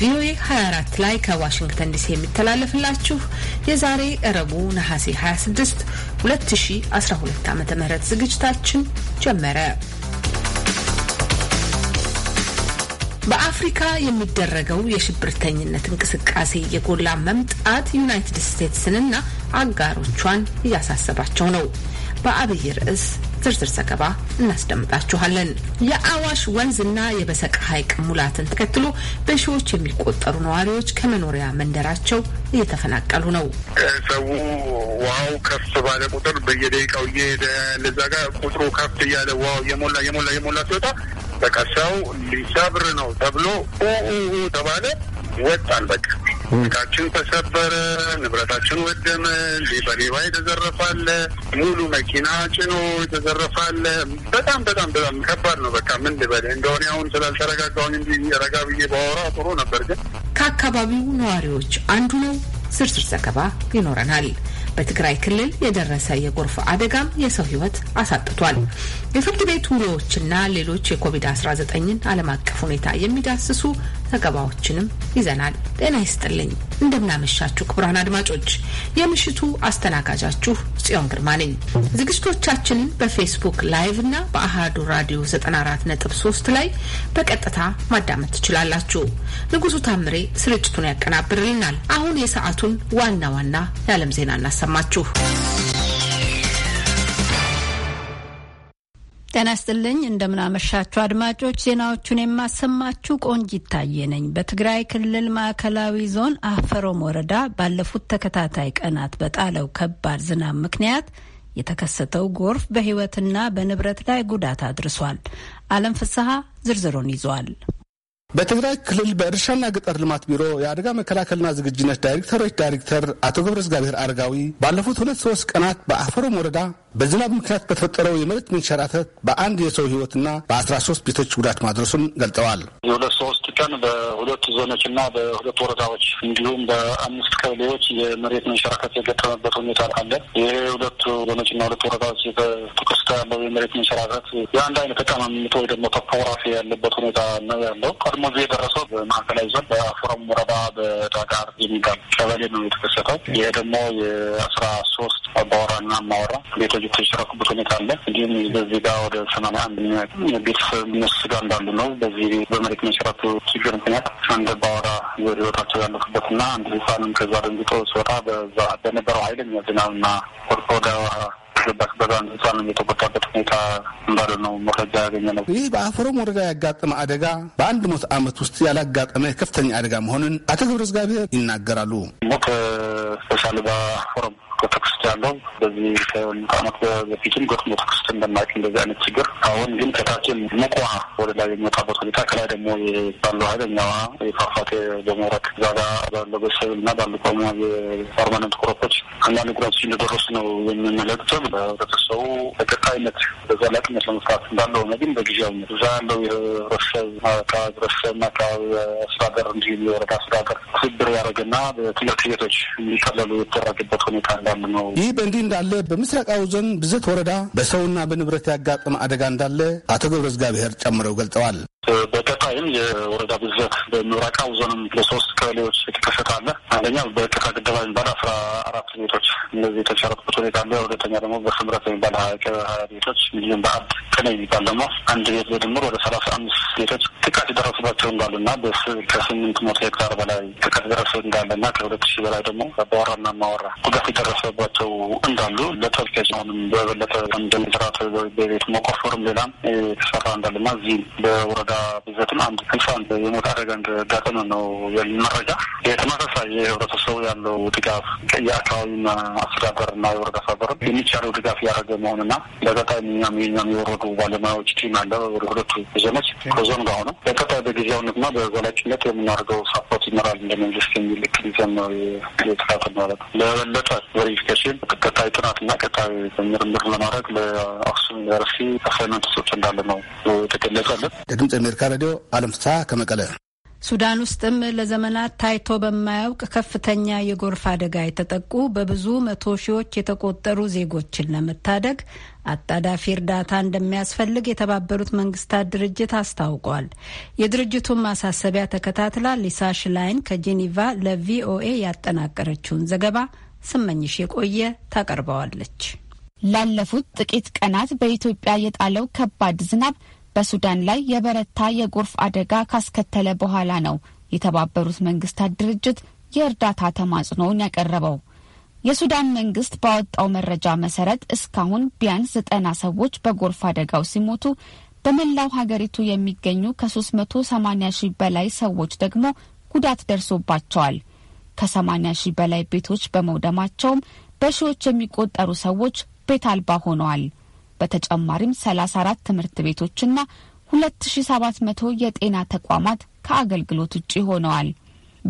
ቪኦኤ 24 ላይ ከዋሽንግተን ዲሲ የሚተላለፍላችሁ የዛሬ እረቡ ነሐሴ 26 2012 ዓ ም ዝግጅታችን ጀመረ። በአፍሪካ የሚደረገው የሽብርተኝነት እንቅስቃሴ የጎላ መምጣት ዩናይትድ ስቴትስንና አጋሮቿን እያሳሰባቸው ነው። በአብይ ርዕስ ዝርዝር ዘገባ እናስደምጣችኋለን። የአዋሽ ወንዝና የበሰቅ ሐይቅ ሙላትን ተከትሎ በሺዎች የሚቆጠሩ ነዋሪዎች ከመኖሪያ መንደራቸው እየተፈናቀሉ ነው። ሰው ውሃው ከፍ ባለ ቁጥር በየደቂቃው እየሄደ ለዛ ጋር ቁጥሩ ከፍ እያለ ውሃው የሞላ የሞላ የሞላ ሲወጣ በቃ ሰው ሊሰብር ነው ተብሎ ተባለ። ወጣን በቃ ቤታችን ተሰበረ፣ ንብረታችን ወደመ፣ በሌባ የተዘረፋለ፣ ሙሉ መኪና ጭኖ የተዘረፋለ። በጣም በጣም በጣም ከባድ ነው። በቃ ምን ልበል እንደሆነ አሁን ስላልተረጋጋሁኝ እንጂ ረጋ ብዬ ባወራ ጥሩ ነበር። ግን ከአካባቢው ነዋሪዎች አንዱ ነው። ዝርዝር ዘገባ ይኖረናል። በትግራይ ክልል የደረሰ የጎርፍ አደጋም የሰው ሕይወት አሳጥቷል። የፍርድ ቤት ውሎዎችና ሌሎች የኮቪድ-19ን ዓለም አቀፍ ሁኔታ የሚዳስሱ ዘገባዎችንም ይዘናል። ጤና ይስጥልኝ። እንደምናመሻችሁ ክቡራን አድማጮች፣ የምሽቱ አስተናጋጃችሁ ጽዮን ግርማ ነኝ። ዝግጅቶቻችንን በፌስቡክ ላይቭ እና በአሃዱ ራዲዮ 94.3 ላይ በቀጥታ ማዳመጥ ትችላላችሁ። ንጉሱ ታምሬ ስርጭቱን ያቀናብርልናል። አሁን የሰዓቱን ዋና ዋና የዓለም ዜና እናሰማችሁ። ጤና ይስጥልኝ እንደምናመሻችሁ አድማጮች፣ ዜናዎቹን የማሰማችሁ ቆንጅ ይታየ ነኝ። በትግራይ ክልል ማዕከላዊ ዞን አፈሮም ወረዳ ባለፉት ተከታታይ ቀናት በጣለው ከባድ ዝናብ ምክንያት የተከሰተው ጎርፍ በሕይወትና በንብረት ላይ ጉዳት አድርሷል። አለም ፍስሐ ዝርዝሩን ይዟል። በትግራይ ክልል በእርሻና ገጠር ልማት ቢሮ የአደጋ መከላከልና ዝግጅነት ዳይሬክተሮች ዳይሬክተር አቶ ገብረ እግዚአብሔር አረጋዊ ባለፉት ሁለት ሶስት ቀናት በአፈሮም ወረዳ በዝናብ ምክንያት በተፈጠረው የመሬት መንሸራተት በአንድ የሰው ህይወትና በአስራ ሶስት ቤቶች ጉዳት ማድረሱን ገልጠዋል። የሁለት ሶስት ቀን በሁለት ዞኖችና በሁለት ወረዳዎች እንዲሁም በአምስት ቀበሌዎች የመሬት መንሸራተት የገጠመበት ሁኔታ አለ። ይህ ሁለቱ ዞኖችና ሁለት ወረዳዎች ተከስቶ ያለው የመሬት መንሸራተት የአንድ አይነት ተቀማምጦ ወይ ደግሞ ቶፖግራፊ ያለበት ሁኔታ ነው ያለው ቀድሞ ደሞዙ የደረሰው በማዕከላዊ ዞን በፎረም ወረዳ በዳጋር የሚባል ቀበሌ ነው የተከሰተው። ይሄ ደግሞ የአስራ ሶስት አባወራና አማወራ ቤቶች የተሸረኩበት ሁኔታ አለ። እንዲሁም በዚህ ጋር ወደ ሰማንያ አንድ ቤተሰብ እነሱ ጋር እንዳሉ ነው። በዚህ በመሬት መሸረቱ ችግር ምክንያት አንድ አባወራ ወደ ህይወታቸው ያለፉበት ያለፉበትና አንድ ህፃንም ከዛ ደንግጦ ሲወጣ በዛ በነበረው ሀይል የሚያዝናውና ወርቶ ወደ የተደበደበበት ህጻንም የተጎዳበት ሁኔታ እንዳለ ነው መረጃ ያገኘ ነው። ይህ በአፈሮም ወረዳ ያጋጠመ አደጋ በአንድ ሞት አመት ውስጥ ያላጋጠመ ከፍተኛ አደጋ መሆኑን አቶ ግብረ እግዚአብሔር ይናገራሉ። ሞት ስፔሻል በአፈሮም ኮንቴክስት ያለው በዚህ ከአመት በፊትም ገጥሞ ተከስቶ እንደማያውቅ እንደዚህ አይነት ችግር አሁን ግን ከታችን ሙቅ ውሃ ወደ ላይ የሚወጣበት ሁኔታ ከላይ ደግሞ ባለው ኃይለኛ ውሃ የፏፏቴ በመውረድ እዛ ባለው በሰብል እና ባሉ ቆሞ የፐርማነንት ክሮፖች አንዳንድ ጉዳቶች እንደደረሱ ነው የሚመለክተው። ሰው ተቀጣይነት በዛ ላቅነት ለመስራት እንዳለው ሆነ ግን በጊዜያዊነት እዛ ያለው የህብረተሰብ ህብረተሰብ ና አካባቢ አስተዳደር እንዲሁም የወረዳ አስተዳደር ትብብር ና በትምህርት ቤቶች እንዲቀለሉ የተደረገበት ሁኔታ እንዳለ ነው። ይህ በእንዲህ እንዳለ በምስራቃዊ ዞን ብዘት ወረዳ በሰውና በንብረት ያጋጠመ አደጋ እንዳለ አቶ ገብረ እግዚአብሔር ጨምረው ገልጠዋል። በቀጣይም የወረዳ ብዘት በምስራቃዊ ዞንም ለሶስት ቀበሌዎች የተከሰተ አለ። አንደኛው በቀጣ ግደባ የሚባል አስራ አራት ቤቶች እነዚህ የተሸረኩት ሁኔታ አለ። ሁለተኛ ደግሞ በስምረት የሚባል ሀያ ቤቶች እንዲሁም በአብ ቅኔ የሚባል ደግሞ አንድ ቤት በድምር ወደ ሰላሳ አምስት ቤቶች ጥቃት የደረሱባቸው እንዳሉ እና ከስምንት መቶ ሄክታር በላይ ጥቃት የደረሰ እንዳለ እና ከሁለት ሺህ በላይ ደግሞ በወራና ማወራ ጉዳት የደረሰባቸው እንዳሉ ለተልኬ አሁንም በበለጠ እንደ በቤት መቆፈርም ሌላም የተሰራ እንዳለ እና እዚህ በወረዳ ብዘትም አንድ ህንፃ የሞት አደጋ እንደጋጠመ ነው መረጃ የተመሳሳይ የህብረተሰቡ ያለው ድጋፍ አካባቢና አስተዳደርና የወረዳ አስተዳደር የሚቻለው ድጋፍ እያደረገ መሆንና ለቀጣይ እኛም የኛም የወረዱ ባለሙያዎች ቲም አለ ወደ ሁለቱ ዞኖች ከዞን ጋር ሆነ ለቀጣይ በጊዜያዊነትና በዘላቂነት የምናደርገው ሳፖርት ይመራል እንደ መንግስት የሚል እቅድ ይዘን ነው የተካተል ማለት ነው። ለበለጠ ቨሪፊኬሽን ቀጣይ ጥናትና ቀጣይ ምርምር ለማድረግ ለአክሱም ዩኒቨርሲቲ አሳይመንት ሰጥ እንዳለ ነው የተገለጸልን። ለድምፅ አሜሪካ ሬዲዮ አለም ፍስሀ ከመቀለ ሱዳን ውስጥም ለዘመናት ታይቶ በማያውቅ ከፍተኛ የጎርፍ አደጋ የተጠቁ በብዙ መቶ ሺዎች የተቆጠሩ ዜጎችን ለመታደግ አጣዳፊ እርዳታ እንደሚያስፈልግ የተባበሩት መንግስታት ድርጅት አስታውቋል። የድርጅቱን ማሳሰቢያ ተከታትላ ሊሳ ሽላይን ከጄኒቫ ለቪኦኤ ያጠናቀረችውን ዘገባ ስመኝሽ የቆየ ታቀርበዋለች። ላለፉት ጥቂት ቀናት በኢትዮጵያ የጣለው ከባድ ዝናብ በሱዳን ላይ የበረታ የጎርፍ አደጋ ካስከተለ በኋላ ነው የተባበሩት መንግስታት ድርጅት የእርዳታ ተማጽኖውን ያቀረበው። የሱዳን መንግስት ባወጣው መረጃ መሰረት እስካሁን ቢያንስ ዘጠና ሰዎች በጎርፍ አደጋው ሲሞቱ በመላው ሀገሪቱ የሚገኙ ከ380 ሺህ በላይ ሰዎች ደግሞ ጉዳት ደርሶባቸዋል። ከ80 ሺህ በላይ ቤቶች በመውደማቸውም በሺዎች የሚቆጠሩ ሰዎች ቤት አልባ ሆነዋል። በተጨማሪም 34 ትምህርት ቤቶችና 2700 የጤና ተቋማት ከአገልግሎት ውጭ ሆነዋል።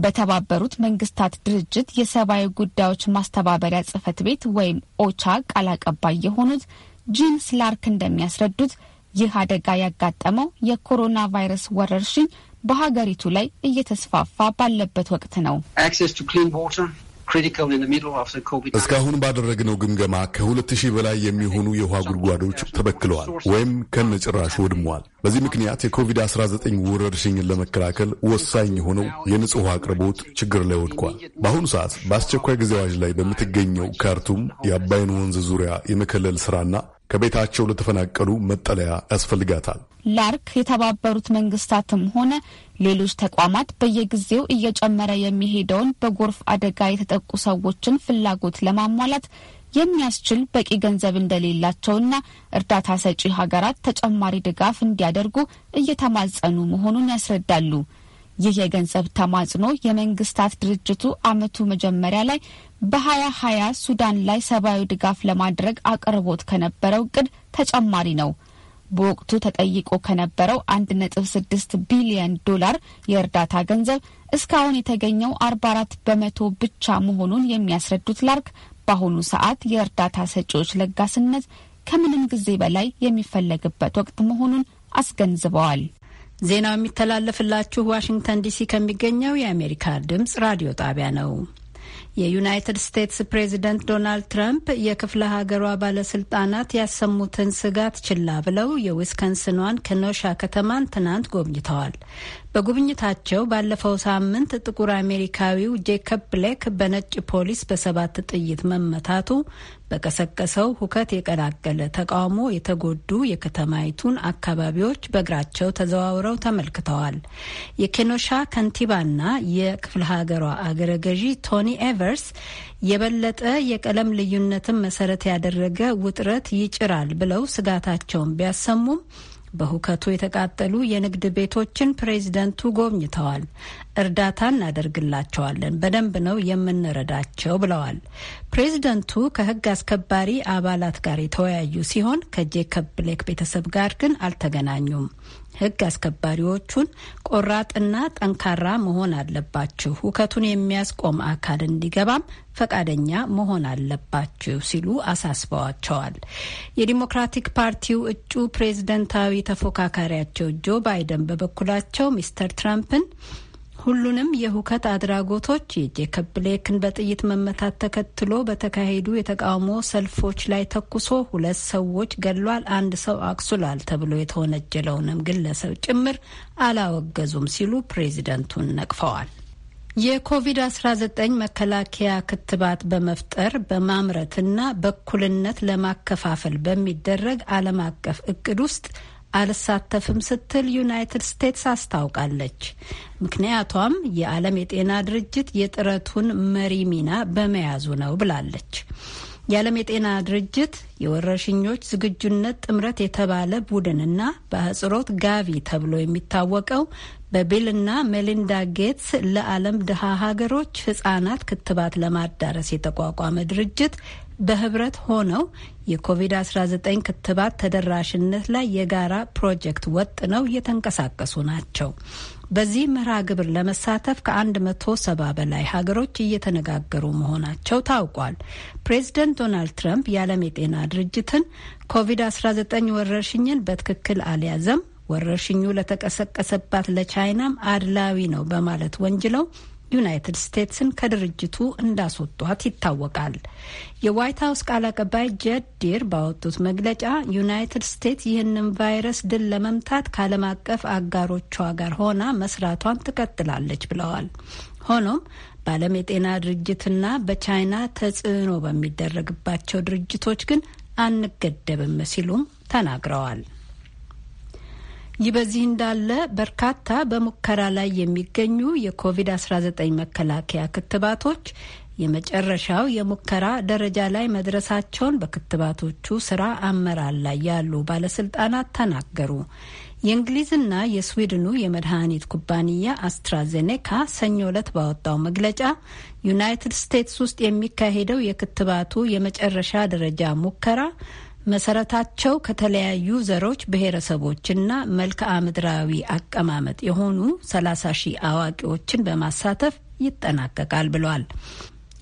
በተባበሩት መንግስታት ድርጅት የሰብአዊ ጉዳዮች ማስተባበሪያ ጽህፈት ቤት ወይም ኦቻ ቃል አቀባይ የሆኑት ጂን ስላርክ እንደሚያስረዱት ይህ አደጋ ያጋጠመው የኮሮና ቫይረስ ወረርሽኝ በሀገሪቱ ላይ እየተስፋፋ ባለበት ወቅት ነው። እስካሁን ባደረግነው ግምገማ ከሁለት ሺህ በላይ የሚሆኑ የውሃ ጉድጓዶች ተበክለዋል ወይም ከነጭራሹ ወድመዋል። በዚህ ምክንያት የኮቪድ-19 ወረርሽኝን ለመከላከል ወሳኝ የሆነው የንጹህ ውሃ አቅርቦት ችግር ላይ ወድቋል። በአሁኑ ሰዓት በአስቸኳይ ጊዜ አዋጅ ላይ በምትገኘው ካርቱም የአባይን ወንዝ ዙሪያ የመከለል ስራና ከቤታቸው ለተፈናቀሉ መጠለያ ያስፈልጋታል። ላርክ የተባበሩት መንግስታትም ሆነ ሌሎች ተቋማት በየጊዜው እየጨመረ የሚሄደውን በጎርፍ አደጋ የተጠቁ ሰዎችን ፍላጎት ለማሟላት የሚያስችል በቂ ገንዘብ እንደሌላቸውና እርዳታ ሰጪ ሀገራት ተጨማሪ ድጋፍ እንዲያደርጉ እየተማጸኑ መሆኑን ያስረዳሉ። ይህ የገንዘብ ተማጽኖ የመንግስታት ድርጅቱ አመቱ መጀመሪያ ላይ በሀያ ሀያ ሱዳን ላይ ሰብአዊ ድጋፍ ለማድረግ አቅርቦት ከነበረው እቅድ ተጨማሪ ነው። በወቅቱ ተጠይቆ ከነበረው አንድ ነጥብ ስድስት ቢሊየን ዶላር የእርዳታ ገንዘብ እስካሁን የተገኘው አርባ አራት በመቶ ብቻ መሆኑን የሚያስረዱት ላርክ በአሁኑ ሰዓት የእርዳታ ሰጪዎች ለጋስነት ከምንም ጊዜ በላይ የሚፈለግበት ወቅት መሆኑን አስገንዝበዋል። ዜናው የሚተላለፍላችሁ ዋሽንግተን ዲሲ ከሚገኘው የአሜሪካ ድምጽ ራዲዮ ጣቢያ ነው። የዩናይትድ ስቴትስ ፕሬዝደንት ዶናልድ ትራምፕ የክፍለ ሀገሯ ባለስልጣናት ያሰሙትን ስጋት ችላ ብለው የዊስከንስኗን ከኖሻ ከተማን ትናንት ጎብኝተዋል። በጉብኝታቸው ባለፈው ሳምንት ጥቁር አሜሪካዊው ጄከብ ብሌክ በነጭ ፖሊስ በሰባት ጥይት መመታቱ በቀሰቀሰው ሁከት የቀላቀለ ተቃውሞ የተጎዱ የከተማይቱን አካባቢዎች በእግራቸው ተዘዋውረው ተመልክተዋል። የኬኖሻ ከንቲባና የክፍለ ሀገሯ አገረ ገዢ ቶኒ ኤቨርስ የበለጠ የቀለም ልዩነትን መሰረት ያደረገ ውጥረት ይጭራል ብለው ስጋታቸውን ቢያሰሙም በሁከቱ የተቃጠሉ የንግድ ቤቶችን ፕሬዚደንቱ ጎብኝተዋል። እርዳታ እናደርግላቸዋለን፣ በደንብ ነው የምንረዳቸው ብለዋል። ፕሬዚደንቱ ከህግ አስከባሪ አባላት ጋር የተወያዩ ሲሆን ከጄከብ ብሌክ ቤተሰብ ጋር ግን አልተገናኙም። ህግ አስከባሪዎቹን ቆራጥና ጠንካራ መሆን አለባችሁ፣ ሁከቱን የሚያስቆም አካል እንዲገባም ፈቃደኛ መሆን አለባችሁ ሲሉ አሳስበዋቸዋል። የዲሞክራቲክ ፓርቲው እጩ ፕሬዝደንታዊ ተፎካካሪያቸው ጆ ባይደን በበኩላቸው ሚስተር ትራምፕን ሁሉንም የሁከት አድራጎቶች የጄከብ ብሌክን በጥይት መመታት ተከትሎ በተካሄዱ የተቃውሞ ሰልፎች ላይ ተኩሶ ሁለት ሰዎች ገሏል፣ አንድ ሰው አቁስሏል ተብሎ የተወነጀለውንም ግለሰብ ጭምር አላወገዙም ሲሉ ፕሬዚደንቱን ነቅፈዋል። የኮቪድ-19 መከላከያ ክትባት በመፍጠር በማምረትና በእኩልነት ለማከፋፈል በሚደረግ ዓለም አቀፍ እቅድ ውስጥ አልሳተፍም ስትል ዩናይትድ ስቴትስ አስታውቃለች። ምክንያቷም የዓለም የጤና ድርጅት የጥረቱን መሪ ሚና በመያዙ ነው ብላለች። የዓለም የጤና ድርጅት የወረርሽኞች ዝግጁነት ጥምረት የተባለ ቡድንና በአጽሮት ጋቪ ተብሎ የሚታወቀው በቢልና ሜሊንዳ ጌትስ ለዓለም ድሃ ሀገሮች ህጻናት ክትባት ለማዳረስ የተቋቋመ ድርጅት በህብረት ሆነው የኮቪድ-19 ክትባት ተደራሽነት ላይ የጋራ ፕሮጀክት ወጥነው እየተንቀሳቀሱ ናቸው። በዚህ መርሃ ግብር ለመሳተፍ ከ170 በላይ ሀገሮች እየተነጋገሩ መሆናቸው ታውቋል። ፕሬዝደንት ዶናልድ ትራምፕ የዓለም የጤና ድርጅትን ኮቪድ-19 ወረርሽኝን በትክክል አልያዘም፣ ወረርሽኙ ለተቀሰቀሰባት ለቻይናም አድላዊ ነው በማለት ወንጅለው ዩናይትድ ስቴትስን ከድርጅቱ እንዳስወጧት ይታወቃል። የዋይት ሀውስ ቃል አቀባይ ጀድ ዲር ባወጡት መግለጫ ዩናይትድ ስቴትስ ይህንን ቫይረስ ድል ለመምታት ከዓለም አቀፍ አጋሮቿ ጋር ሆና መስራቷን ትቀጥላለች ብለዋል። ሆኖም በዓለም የጤና ድርጅትና በቻይና ተጽዕኖ በሚደረግባቸው ድርጅቶች ግን አንገደብም ሲሉም ተናግረዋል። ይህ በዚህ እንዳለ በርካታ በሙከራ ላይ የሚገኙ የኮቪድ-19 መከላከያ ክትባቶች የመጨረሻው የሙከራ ደረጃ ላይ መድረሳቸውን በክትባቶቹ ስራ አመራር ላይ ያሉ ባለስልጣናት ተናገሩ። የእንግሊዝና የስዊድኑ የመድኃኒት ኩባንያ አስትራዜኔካ ሰኞ ዕለት ባወጣው መግለጫ ዩናይትድ ስቴትስ ውስጥ የሚካሄደው የክትባቱ የመጨረሻ ደረጃ ሙከራ መሰረታቸው ከተለያዩ ዘሮች ብሔረሰቦችና መልክዓ ምድራዊ አቀማመጥ የሆኑ 30 ሺህ አዋቂዎችን በማሳተፍ ይጠናቀቃል ብሏል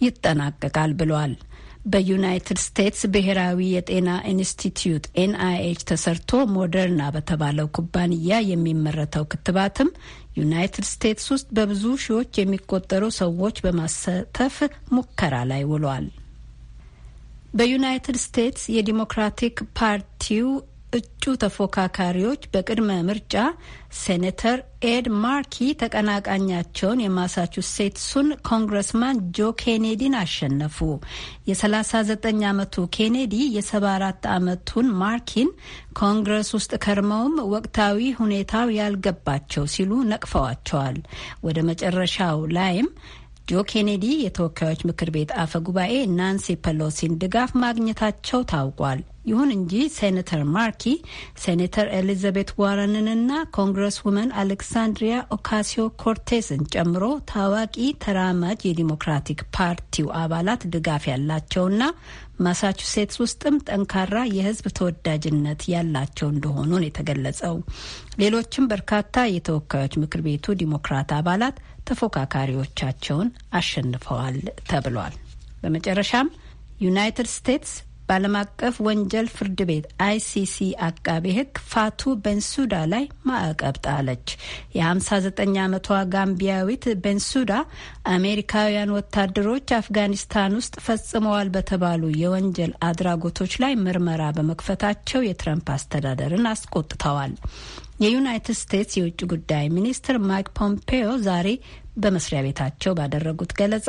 ይጠናቀቃል ብሏል። በዩናይትድ ስቴትስ ብሔራዊ የጤና ኢንስቲትዩት ኤንአይኤች ተሰርቶ ሞደርና በተባለው ኩባንያ የሚመረተው ክትባትም ዩናይትድ ስቴትስ ውስጥ በብዙ ሺዎች የሚቆጠሩ ሰዎች በማሳተፍ ሙከራ ላይ ውሏል። በዩናይትድ ስቴትስ የዲሞክራቲክ ፓርቲው እጩ ተፎካካሪዎች በቅድመ ምርጫ ሴኔተር ኤድ ማርኪ ተቀናቃኛቸውን የማሳቹሴትሱን ኮንግረስማን ጆ ኬኔዲን አሸነፉ። የ39 ዓመቱ ኬኔዲ የ74 ዓመቱን ማርኪን ኮንግረስ ውስጥ ከርመውም ወቅታዊ ሁኔታው ያልገባቸው ሲሉ ነቅፈዋቸዋል። ወደ መጨረሻው ላይም ጆ ኬኔዲ የተወካዮች ምክር ቤት አፈ ጉባኤ ናንሲ ፐሎሲን ድጋፍ ማግኘታቸው ታውቋል። ይሁን እንጂ ሴኔተር ማርኪ ሴኔተር ኤሊዛቤት ዋረንንና ኮንግረስ ውመን አሌክሳንድሪያ ኦካሲዮ ኮርቴስን ጨምሮ ታዋቂ ተራማጅ የዲሞክራቲክ ፓርቲው አባላት ድጋፍ ያላቸውና ማሳቹሴትስ ውስጥም ጠንካራ የህዝብ ተወዳጅነት ያላቸው እንደሆኑ ነው የተገለጸው። ሌሎችም በርካታ የተወካዮች ምክር ቤቱ ዲሞክራት አባላት ተፎካካሪዎቻቸውን አሸንፈዋል ተብሏል። በመጨረሻም ዩናይትድ ስቴትስ በዓለም አቀፍ ወንጀል ፍርድ ቤት አይሲሲ አቃቤ ሕግ ፋቱ ቤንሱዳ ላይ ማዕቀብ ጣለች። የ59 ዓመቷ ጋምቢያዊት ቤንሱዳ አሜሪካውያን ወታደሮች አፍጋኒስታን ውስጥ ፈጽመዋል በተባሉ የወንጀል አድራጎቶች ላይ ምርመራ በመክፈታቸው የትረምፕ አስተዳደርን አስቆጥተዋል። የዩናይትድ ስቴትስ የውጭ ጉዳይ ሚኒስትር ማይክ ፖምፔዮ ዛሬ በመስሪያ ቤታቸው ባደረጉት ገለጻ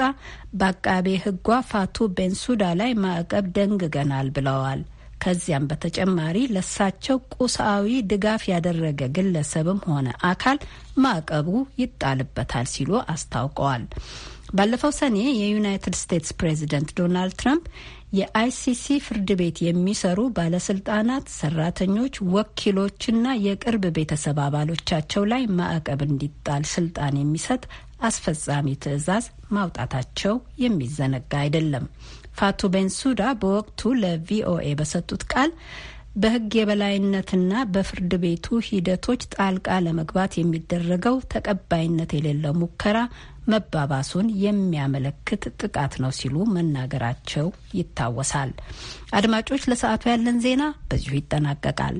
በአቃቤ ሕጓ ፋቱ ቤንሱዳ ላይ ማዕቀብ ደንግገናል ብለዋል። ከዚያም በተጨማሪ ለሳቸው ቁሳዊ ድጋፍ ያደረገ ግለሰብም ሆነ አካል ማዕቀቡ ይጣልበታል ሲሉ አስታውቀዋል። ባለፈው ሰኔ የዩናይትድ ስቴትስ ፕሬዚደንት ዶናልድ ትራምፕ የአይሲሲ ፍርድ ቤት የሚሰሩ ባለስልጣናት፣ ሰራተኞች፣ ወኪሎችና የቅርብ ቤተሰብ አባሎቻቸው ላይ ማዕቀብ እንዲጣል ስልጣን የሚሰጥ አስፈጻሚ ትዕዛዝ ማውጣታቸው የሚዘነጋ አይደለም። ፋቱ ቤንሱዳ በወቅቱ ለቪኦኤ በሰጡት ቃል በሕግ የበላይነትና በፍርድ ቤቱ ሂደቶች ጣልቃ ለመግባት የሚደረገው ተቀባይነት የሌለው ሙከራ መባባሱን የሚያመለክት ጥቃት ነው ሲሉ መናገራቸው ይታወሳል። አድማጮች፣ ለሰዓቱ ያለን ዜና በዚሁ ይጠናቀቃል።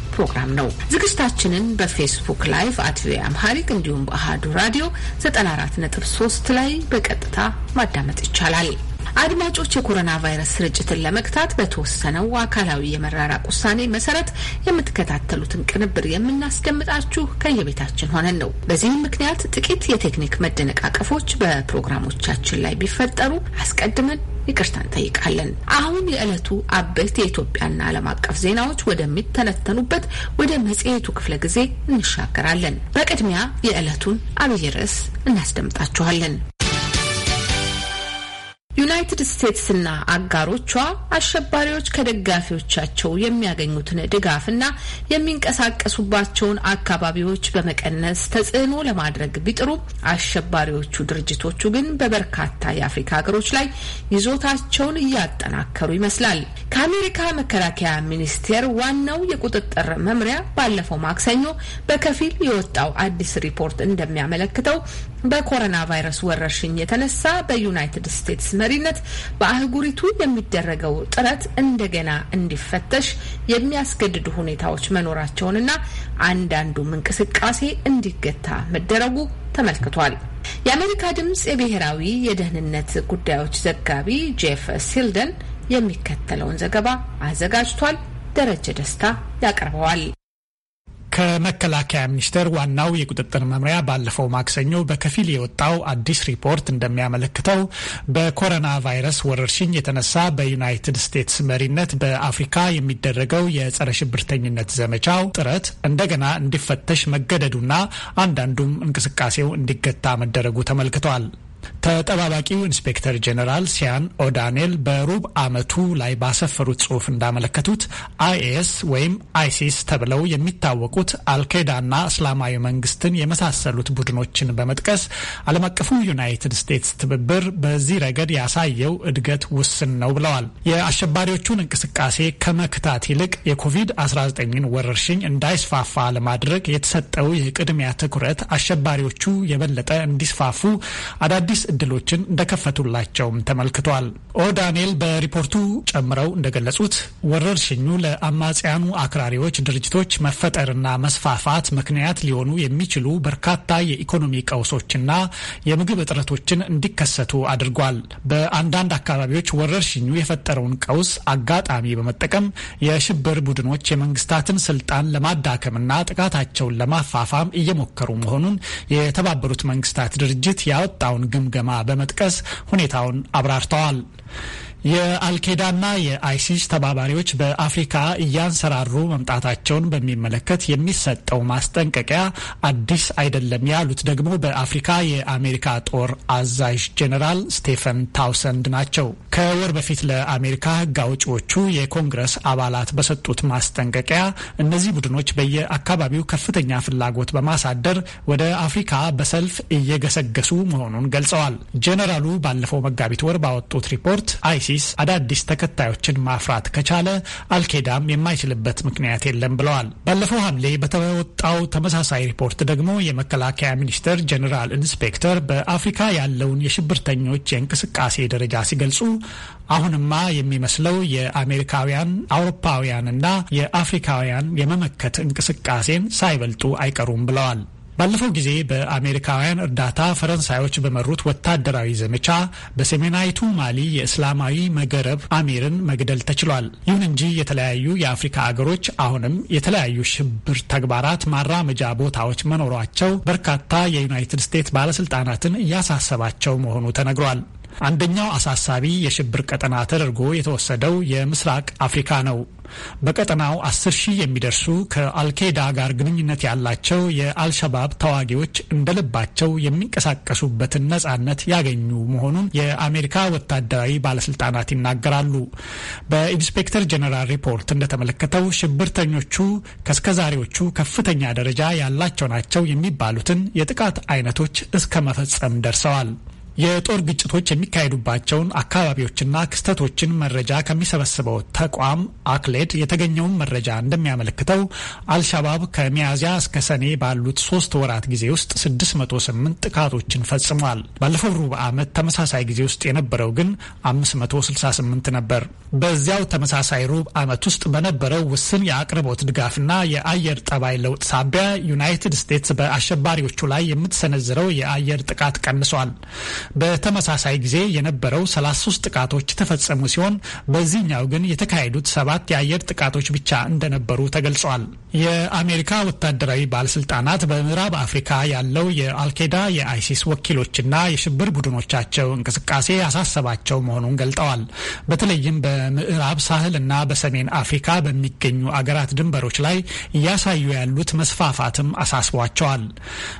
ፕሮግራም ነው። ዝግጅታችንን በፌስቡክ ላይቭ አት ቪኦኤ አምሃሪክ እንዲሁም በአህዱ ራዲዮ 94.3 ላይ በቀጥታ ማዳመጥ ይቻላል። አድማጮች የኮሮና ቫይረስ ስርጭትን ለመግታት በተወሰነው አካላዊ የመራራቅ ውሳኔ መሰረት የምትከታተሉትን ቅንብር የምናስደምጣችሁ ከየቤታችን ሆነን ነው። በዚህም ምክንያት ጥቂት የቴክኒክ መደነቃቀፎች በፕሮግራሞቻችን ላይ ቢፈጠሩ አስቀድመን ይቅርታ እንጠይቃለን። አሁን የዕለቱ አበይት የኢትዮጵያና ዓለም አቀፍ ዜናዎች ወደሚተነተኑበት ወደ መጽሔቱ ክፍለ ጊዜ እንሻገራለን። በቅድሚያ የዕለቱን አብይ ርዕስ እናስደምጣችኋለን። ዩናይትድ ስቴትስና አጋሮቿ አሸባሪዎች ከደጋፊዎቻቸው የሚያገኙትን ድጋፍና የሚንቀሳቀሱባቸውን አካባቢዎች በመቀነስ ተጽዕኖ ለማድረግ ቢጥሩም አሸባሪዎቹ ድርጅቶቹ ግን በበርካታ የአፍሪካ ሀገሮች ላይ ይዞታቸውን እያጠናከሩ ይመስላል። ከአሜሪካ መከላከያ ሚኒስቴር ዋናው የቁጥጥር መምሪያ ባለፈው ማክሰኞ በከፊል የወጣው አዲስ ሪፖርት እንደሚያመለክተው በኮሮና ቫይረስ ወረርሽኝ የተነሳ በዩናይትድ ስቴትስ መሪ መሪነት በአህጉሪቱ የሚደረገው ጥረት እንደገና እንዲፈተሽ የሚያስገድዱ ሁኔታዎች መኖራቸውንና አንዳንዱም እንቅስቃሴ እንዲገታ መደረጉ ተመልክቷል። የአሜሪካ ድምጽ የብሔራዊ የደህንነት ጉዳዮች ዘጋቢ ጄፍ ሲልደን የሚከተለውን ዘገባ አዘጋጅቷል። ደረጀ ደስታ ያቀርበዋል። ከመከላከያ ሚኒስቴር ዋናው የቁጥጥር መምሪያ ባለፈው ማክሰኞ በከፊል የወጣው አዲስ ሪፖርት እንደሚያመለክተው በኮሮና ቫይረስ ወረርሽኝ የተነሳ በዩናይትድ ስቴትስ መሪነት በአፍሪካ የሚደረገው የጸረ ሽብርተኝነት ዘመቻው ጥረት እንደገና እንዲፈተሽ መገደዱና አንዳንዱም እንቅስቃሴው እንዲገታ መደረጉ ተመልክቷል። ተጠባባቂው ኢንስፔክተር ጄኔራል ሲያን ኦዳኔል በሩብ ዓመቱ ላይ ባሰፈሩት ጽሑፍ እንዳመለከቱት አይኤስ ወይም አይሲስ ተብለው የሚታወቁት አልካይዳና እስላማዊ መንግስትን የመሳሰሉት ቡድኖችን በመጥቀስ ዓለም አቀፉ ዩናይትድ ስቴትስ ትብብር በዚህ ረገድ ያሳየው እድገት ውስን ነው ብለዋል። የአሸባሪዎቹን እንቅስቃሴ ከመክታት ይልቅ የኮቪድ-19ን ወረርሽኝ እንዳይስፋፋ ለማድረግ የተሰጠው የቅድሚያ ትኩረት አሸባሪዎቹ የበለጠ እንዲስፋፉ አዳዲስ አዳዲስ እድሎችን እንደከፈቱላቸውም ተመልክቷል። ኦ ዳንኤል በሪፖርቱ ጨምረው እንደገለጹት ወረርሽኙ ለአማጽያኑ አክራሪዎች ድርጅቶች መፈጠርና መስፋፋት ምክንያት ሊሆኑ የሚችሉ በርካታ የኢኮኖሚ ቀውሶችና የምግብ እጥረቶችን እንዲከሰቱ አድርጓል። በአንዳንድ አካባቢዎች ወረርሽኙ የፈጠረውን ቀውስ አጋጣሚ በመጠቀም የሽብር ቡድኖች የመንግስታትን ስልጣን ለማዳከምና ጥቃታቸውን ለማፋፋም እየሞከሩ መሆኑን የተባበሩት መንግስታት ድርጅት ያወጣውን ግምገማ በመጥቀስ ሁኔታውን አብራርተዋል። የአልኬዳና የአይሲስ ተባባሪዎች በአፍሪካ እያንሰራሩ መምጣታቸውን በሚመለከት የሚሰጠው ማስጠንቀቂያ አዲስ አይደለም ያሉት ደግሞ በአፍሪካ የአሜሪካ ጦር አዛዥ ጄኔራል ስቴፈን ታውሰንድ ናቸው። ከወር በፊት ለአሜሪካ ሕግ አውጪዎቹ የኮንግረስ አባላት በሰጡት ማስጠንቀቂያ እነዚህ ቡድኖች በየአካባቢው ከፍተኛ ፍላጎት በማሳደር ወደ አፍሪካ በሰልፍ እየገሰገሱ መሆኑን ገልጸዋል። ጄኔራሉ ባለፈው መጋቢት ወር ባወጡት ሪፖርት አይሲ ኦሲስ አዳዲስ ተከታዮችን ማፍራት ከቻለ አልኬዳም የማይችልበት ምክንያት የለም ብለዋል። ባለፈው ሐምሌ በተወጣው ተመሳሳይ ሪፖርት ደግሞ የመከላከያ ሚኒስቴር ጀኔራል ኢንስፔክተር በአፍሪካ ያለውን የሽብርተኞች የእንቅስቃሴ ደረጃ ሲገልጹ አሁንማ የሚመስለው የአሜሪካውያን አውሮፓውያንና የአፍሪካውያን የመመከት እንቅስቃሴን ሳይበልጡ አይቀሩም ብለዋል። ባለፈው ጊዜ በአሜሪካውያን እርዳታ ፈረንሳዮች በመሩት ወታደራዊ ዘመቻ በሰሜናዊቱ ማሊ የእስላማዊ መገረብ አሚርን መግደል ተችሏል። ይሁን እንጂ የተለያዩ የአፍሪካ አገሮች አሁንም የተለያዩ ሽብር ተግባራት ማራመጃ ቦታዎች መኖሯቸው በርካታ የዩናይትድ ስቴትስ ባለስልጣናትን እያሳሰባቸው መሆኑ ተነግሯል። አንደኛው አሳሳቢ የሽብር ቀጠና ተደርጎ የተወሰደው የምስራቅ አፍሪካ ነው። በቀጠናው አስር ሺህ የሚደርሱ ከአልኬዳ ጋር ግንኙነት ያላቸው የአልሸባብ ተዋጊዎች እንደልባቸው የሚንቀሳቀሱበትን ነጻነት ያገኙ መሆኑን የአሜሪካ ወታደራዊ ባለስልጣናት ይናገራሉ። በኢንስፔክተር ጀኔራል ሪፖርት እንደተመለከተው ሽብርተኞቹ ከእስከዛሬዎቹ ከፍተኛ ደረጃ ያላቸው ናቸው የሚባሉትን የጥቃት አይነቶች እስከ መፈጸም ደርሰዋል። የጦር ግጭቶች የሚካሄዱባቸውን አካባቢዎችና ክስተቶችን መረጃ ከሚሰበስበው ተቋም አክሌድ የተገኘውን መረጃ እንደሚያመለክተው አልሻባብ ከሚያዝያ እስከ ሰኔ ባሉት ሶስት ወራት ጊዜ ውስጥ 608 ጥቃቶችን ፈጽሟል። ባለፈው ሩብ ዓመት ተመሳሳይ ጊዜ ውስጥ የነበረው ግን 568 ነበር። በዚያው ተመሳሳይ ሩብ ዓመት ውስጥ በነበረው ውስን የአቅርቦት ድጋፍና የአየር ጠባይ ለውጥ ሳቢያ ዩናይትድ ስቴትስ በአሸባሪዎቹ ላይ የምትሰነዝረው የአየር ጥቃት ቀንሷል። በተመሳሳይ ጊዜ የነበረው 33 ጥቃቶች የተፈጸሙ ሲሆን በዚህኛው ግን የተካሄዱት ሰባት የአየር ጥቃቶች ብቻ እንደነበሩ ተገልጿል። የአሜሪካ ወታደራዊ ባለስልጣናት በምዕራብ አፍሪካ ያለው የአልኬዳ የአይሲስ ወኪሎችና የሽብር ቡድኖቻቸው እንቅስቃሴ ያሳሰባቸው መሆኑን ገልጠዋል። በተለይም በምዕራብ ሳህል እና በሰሜን አፍሪካ በሚገኙ አገራት ድንበሮች ላይ እያሳዩ ያሉት መስፋፋትም አሳስቧቸዋል።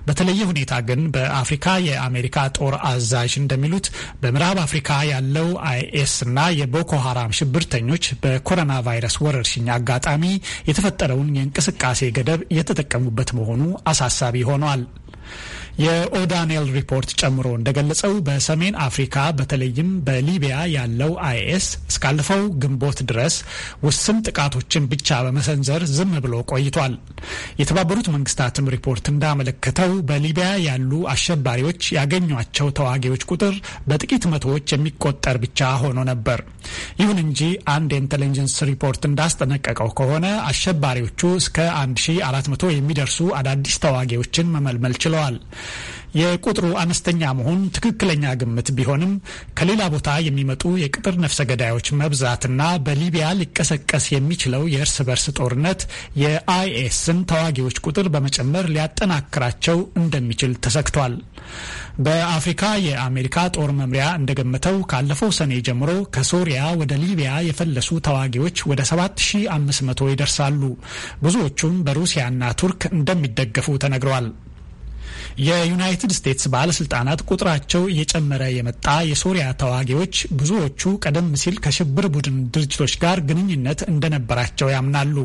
በተለየ ሁኔታ ግን በአፍሪካ የአሜሪካ ጦር አዝ አዛዥ እንደሚሉት በምዕራብ አፍሪካ ያለው አይኤስ እና የቦኮ ሀራም ሽብርተኞች በኮሮና ቫይረስ ወረርሽኝ አጋጣሚ የተፈጠረውን የእንቅስቃሴ ገደብ እየተጠቀሙበት መሆኑ አሳሳቢ ሆኗል። የኦዳኔል ሪፖርት ጨምሮ እንደገለጸው በሰሜን አፍሪካ በተለይም በሊቢያ ያለው አይኤስ እስካለፈው ግንቦት ድረስ ውስን ጥቃቶችን ብቻ በመሰንዘር ዝም ብሎ ቆይቷል። የተባበሩት መንግስታትም ሪፖርት እንዳመለከተው በሊቢያ ያሉ አሸባሪዎች ያገኟቸው ተዋጊዎች ቁጥር በጥቂት መቶዎች የሚቆጠር ብቻ ሆኖ ነበር። ይሁን እንጂ አንድ የኢንቴሊጀንስ ሪፖርት እንዳስጠነቀቀው ከሆነ አሸባሪዎቹ እስከ 1400 የሚደርሱ አዳዲስ ተዋጊዎችን መመልመል ችለዋል። የቁጥሩ አነስተኛ መሆን ትክክለኛ ግምት ቢሆንም ከሌላ ቦታ የሚመጡ የቅጥር ነፍሰ ገዳዮች መብዛትና በሊቢያ ሊቀሰቀስ የሚችለው የእርስ በርስ ጦርነት የአይኤስን ተዋጊዎች ቁጥር በመጨመር ሊያጠናክራቸው እንደሚችል ተሰግቷል። በአፍሪካ የአሜሪካ ጦር መምሪያ እንደገመተው ካለፈው ሰኔ ጀምሮ ከሶሪያ ወደ ሊቢያ የፈለሱ ተዋጊዎች ወደ 7500 ይደርሳሉ። ብዙዎቹም በሩሲያና ቱርክ እንደሚደገፉ ተነግረዋል። የዩናይትድ ስቴትስ ባለስልጣናት ቁጥራቸው እየጨመረ የመጣ የሶሪያ ተዋጊዎች ብዙዎቹ ቀደም ሲል ከሽብር ቡድን ድርጅቶች ጋር ግንኙነት እንደነበራቸው ያምናሉ።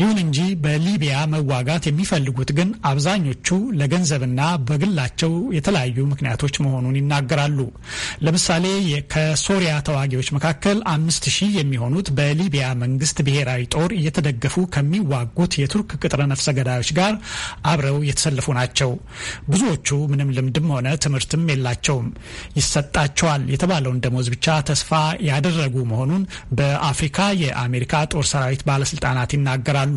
ይሁን እንጂ በሊቢያ መዋጋት የሚፈልጉት ግን አብዛኞቹ ለገንዘብና በግላቸው የተለያዩ ምክንያቶች መሆኑን ይናገራሉ። ለምሳሌ ከሶሪያ ተዋጊዎች መካከል አምስት ሺህ የሚሆኑት በሊቢያ መንግስት ብሔራዊ ጦር እየተደገፉ ከሚዋጉት የቱርክ ቅጥረ ነፍሰ ገዳዮች ጋር አብረው የተሰለፉ ናቸው። ብዙዎቹ ምንም ልምድም ሆነ ትምህርትም የላቸውም። ይሰጣቸዋል የተባለውን ደሞዝ ብቻ ተስፋ ያደረጉ መሆኑን በአፍሪካ የአሜሪካ ጦር ሰራዊት ባለስልጣናት ይናገራሉ።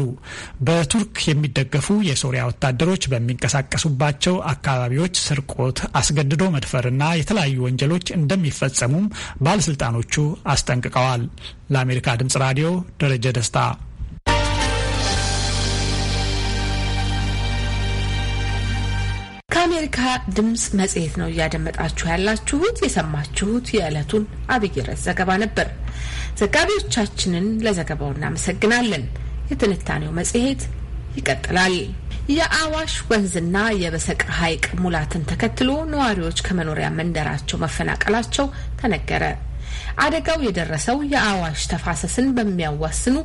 በቱርክ የሚደገፉ የሶሪያ ወታደሮች በሚንቀሳቀሱባቸው አካባቢዎች ስርቆት፣ አስገድዶ መድፈርና የተለያዩ ወንጀሎች እንደሚፈጸሙም ባለስልጣኖቹ አስጠንቅቀዋል። ለአሜሪካ ድምጽ ራዲዮ ደረጀ ደስታ የአሜሪካ ድምፅ መጽሔት ነው እያደመጣችሁ ያላችሁት። የሰማችሁት የዕለቱን አብይ ርዕስ ዘገባ ነበር። ዘጋቢዎቻችንን ለዘገባው እናመሰግናለን። የትንታኔው መጽሔት ይቀጥላል። የአዋሽ ወንዝና የበሰቅ ሐይቅ ሙላትን ተከትሎ ነዋሪዎች ከመኖሪያ መንደራቸው መፈናቀላቸው ተነገረ። አደጋው የደረሰው የአዋሽ ተፋሰስን በሚያዋስኑ